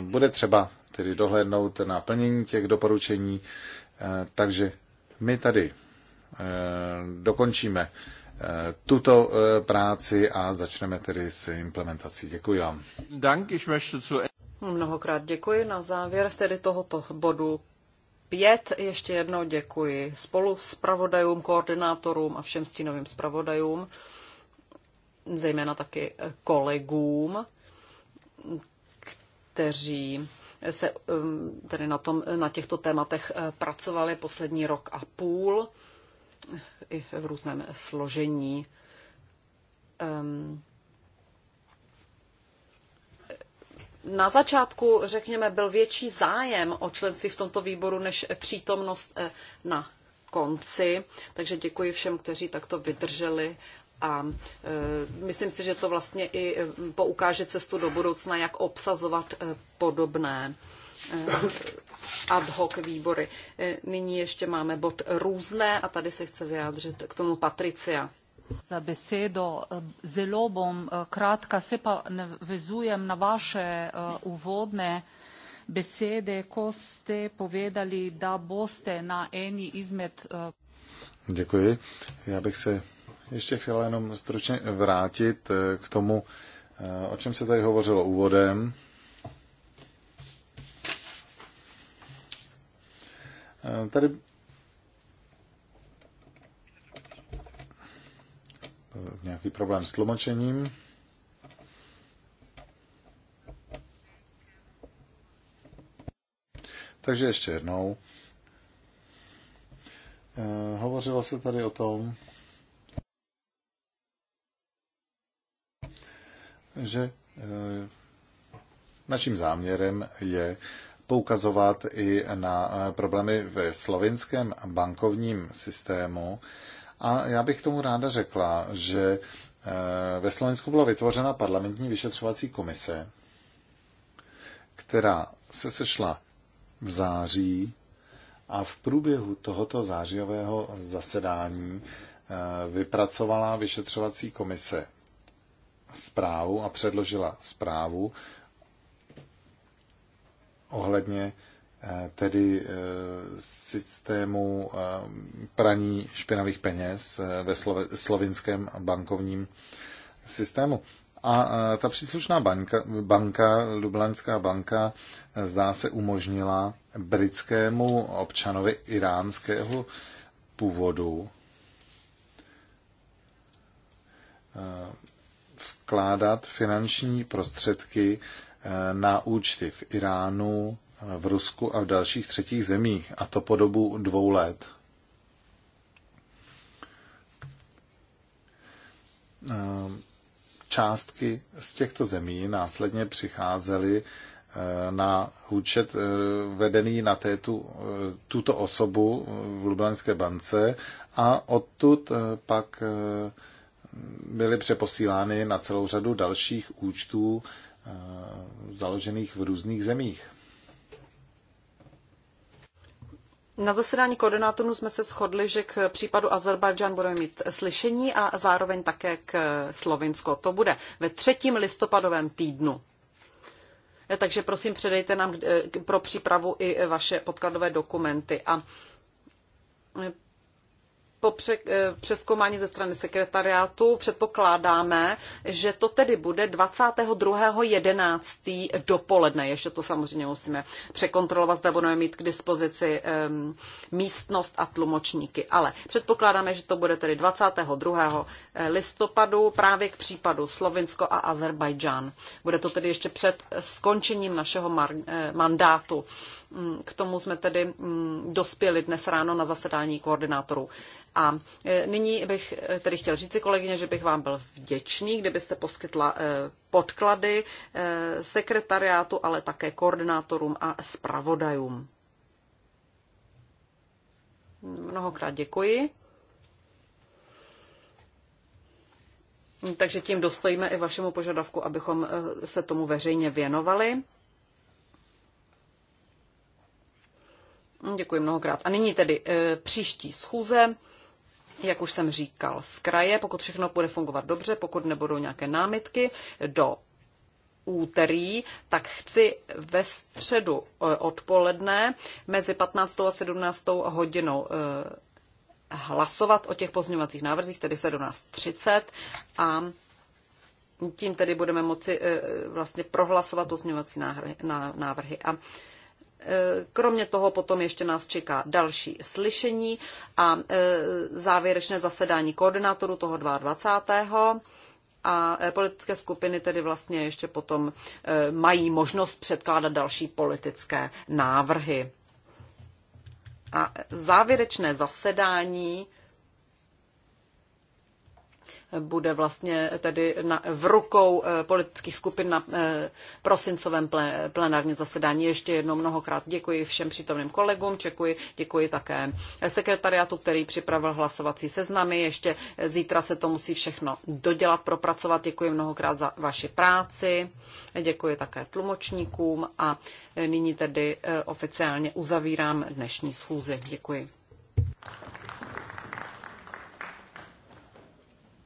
Bude třeba tedy dohlédnout na plnění těch doporučení, takže my tady dokončíme tuto práci a začneme tedy s implementací. Děkuji vám. Mnohokrát děkuji. Na závěr tedy tohoto bodu 5. Ještě jednou děkuji spolu s pravodajům, koordinátorům a všem stínovým zpravodajům, zejména taky kolegům, kteří se um, tedy na, tom, na těchto tématech eh, pracovali poslední rok a půl i v různém složení. Ehm, na začátku, řekněme, byl větší zájem o členství v tomto výboru než přítomnost eh, na konci. Takže děkuji všem, kteří takto vydrželi a eh, myslím si, že to vlastně i eh, poukáže cestu do budoucna, jak obsazovat podobné ad hoc výbory. Nyní ještě máme bod různé a tady se chce vyjádřit k tomu Patricia. Za besedo. Zelo bom eh, kratka, se pa navezujem na vaše eh, uvodne besede, ko ste povedali, da boste na eni izmed. Eh, Děkuji. Já bych se ještě chtěl jenom stručně vrátit k tomu, o čem se tady hovořilo úvodem. Tady nějaký problém s tlumočením. Takže ještě jednou. Eh, hovořilo se tady o tom, že eh, naším záměrem je poukazovat i na eh, problémy ve slovinském bankovním systému, a já bych tomu ráda řekla, že eh, ve Slovensku byla vytvořena parlamentní vyšetřovací komise, která se sešla v září a v průběhu tohoto zářijového zasedání eh, vypracovala vyšetřovací komise zprávu a předložila zprávu ohledně Eh, tedy eh, systému eh, praní špinavých peněz ve slovinském bankovním systému. A ta příslušná banka, banka, Lublanská banka, zdá se umožnila britskému občanovi iránského původu vkládat finanční prostředky na účty v Iránu v Rusku a v dalších třetích zemích, a to po dobu dvou let. Ehm, částky z těchto zemí následně přicházely eh, na účet eh, vedený na tétu, eh, tuto osobu v Lublenské bance a odtud pak byly přeposílány na celou řadu dalších účtů založených v různých zemích. Na zasedání koordinátorů jsme se shodli, že k případu Azerbajdžán budeme mít slyšení a zároveň také k Slovinsko. To bude ve třetím listopadovém týdnu. E, takže prosím, předejte nám e, pro přípravu i vaše podkladové dokumenty. A e, po eh, přeskoumání ze strany sekretariátu předpokládáme, že to tedy bude 22.11. dopoledne. Ještě to samozřejmě musíme překontrolovat, zda budeme mít k dispozici um, místnost a tlumočníky. Ale předpokládáme, že to bude tedy 22. Eh, listopadu právě k případu Slovinsko a Azerbajdžán. Bude to tedy ještě před skončením našeho eh, mandátu. Mm, k tomu jsme tedy mm, dospěli dnes ráno na zasedání koordinátorů. A e, nyní bych e, tedy chtěl říci, kolegyně, že bych vám byl vděčný, kdybyste poskytla e, podklady sekretariátu, ale také koordinátorům a zpravodajům. Mnohokrát děkuji. Takže tím dostojíme i vašemu požadavku, abychom se tomu veřejně věnovali. Děkuji mnohokrát. A nyní tedy e, příští schůze, jak už jsem říkal, z kraje, pokud všechno bude fungovat dobře, pokud nebudou nějaké námitky, do úterý, tak chci ve středu e, odpoledne mezi 15. a 17. hodinou e, hlasovat o těch pozměňovacích návrzích, tedy 17.30 a tím tedy budeme moci vlastně prohlasovat pozměňovací návrhy. návrhy. A Eh, kromě toho potom ještě nás čeká další slyšení a eh, závěrečné zasedání koordinátoru toho 22. A eh, politické skupiny tedy vlastně ještě potom mají možnost předkládat další politické návrhy. A závěrečné zasedání bude vlastně tedy na, v rukou eh, politických skupin na eh, prosincovém plenárním zasedání. Ještě jednou mnohokrát děkuji všem přítomným kolegům, děkuji, děkuji také sekretariatu, který připravil hlasovací seznamy. Ještě zítra se to musí všechno dodělat, propracovat. Děkuji mnohokrát za vaši práci, děkuji také tlumočníkům a nyní tedy eh, oficiálně uzavírám dnešní schůzi. Děkuji.